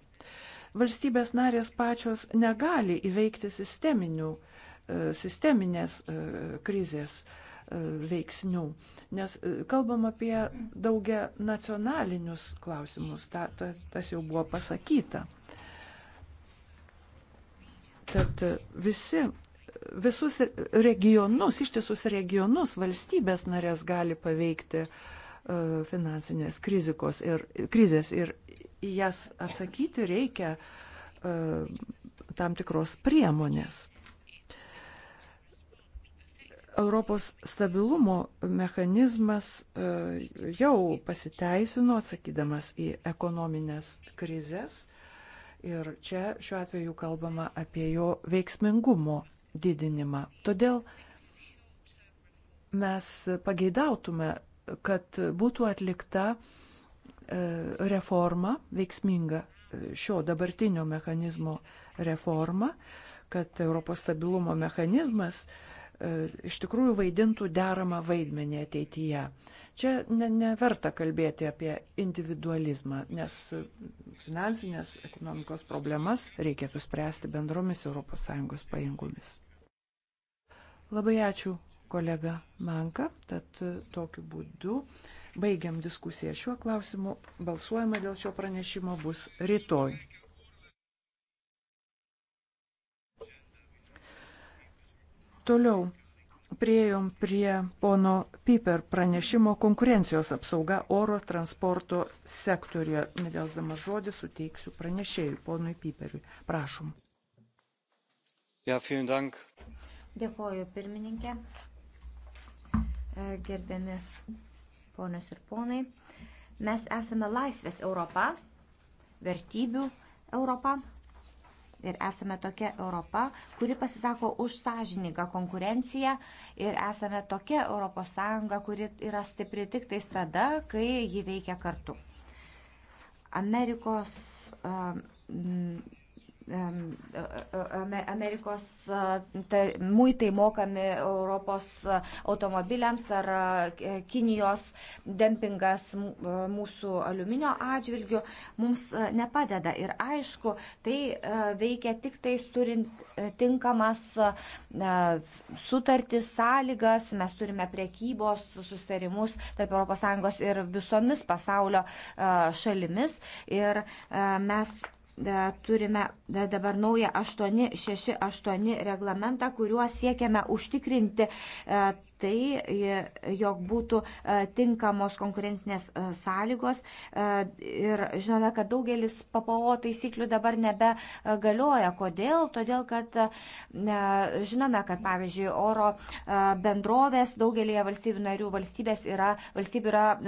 Valstybės narės pačios negali įveikti sisteminių, e, sisteminės krizės veiksnių. Nes e, kalbam apie daugia nacionalinius klausimus, ta, ta, tas jau buvo pasakyta. Tad e, visi, visus regionus, ištisus regionus valstybės narės gali paveikti e, finansinės krizikos ir, krizės ir į jas atsakyti reikia tam tikros priemonės. Europos stabilumo mechanizmas e, jau pasiteisino atsakydamas į ekonominės krizės. Ir čia šiuo atveju kalbama apie jo veiksmingumo didinimą. Todėl mes pageidautume, kad būtų atlikta e, reforma, veiksminga e, šio dabartinio mechanizmo reforma, kad Europos stabilumo mechanizmas uh, E, iš tikrųjų vaidintų deramą vaidmenį ateityje. Čia neverta ne kalbėti apie individualizmą, nes finansinės ekonomikos problemas reikėtų spręsti bendromis ES pajėgomis. Labai ačiū kolega Manka, tad e, tokiu būdu baigiam diskusiją šiuo klausimu. Balsuojama dėl šio pranešimo bus rytoj. Toliau priejom prie pono Piper pranešimo konkurencijos apsauga oro transporto sektoriuje. Nedelsdamas žodį suteiksiu pranešėjui, ponui Piperiui. Prašom. Ja, dank. Dėkoju, pirmininkė. E, gerbiami ponios ir ponai. Mes esame laisvės Europa, vertybių Europa. Ir esame tokia Europa, kuri pasisako už sąžiningą konkurenciją ir esame tokia ES, kuri yra stipri tik tais tada, kai ji veikia kartu. Amerikos um, E, e, Amerikos e, tai, muitai mokami Europos automobiliams ar Kinijos dempingas mūsų aliuminio atžvilgių mums nepadeda. Ir aišku, tai veikia tik tais turint tinkamas sutartis, sąlygas, mes turime priekybos susitarimus tarp ES ir visomis pasaulio šalimis. Ir mes turime dabar naują 868 reglamentą, kuriuo siekiame užtikrinti e, tai, e, jog būtų e, tinkamos konkurencinės sąlygos. Ir žinome, kad daugelis PPO taisyklių dabar nebegalioja. Kodėl? Todėl, kad žinome, kad pavyzdžiui, oro bendrovės daugelėje valstybių narių valstybės yra, valstybių yra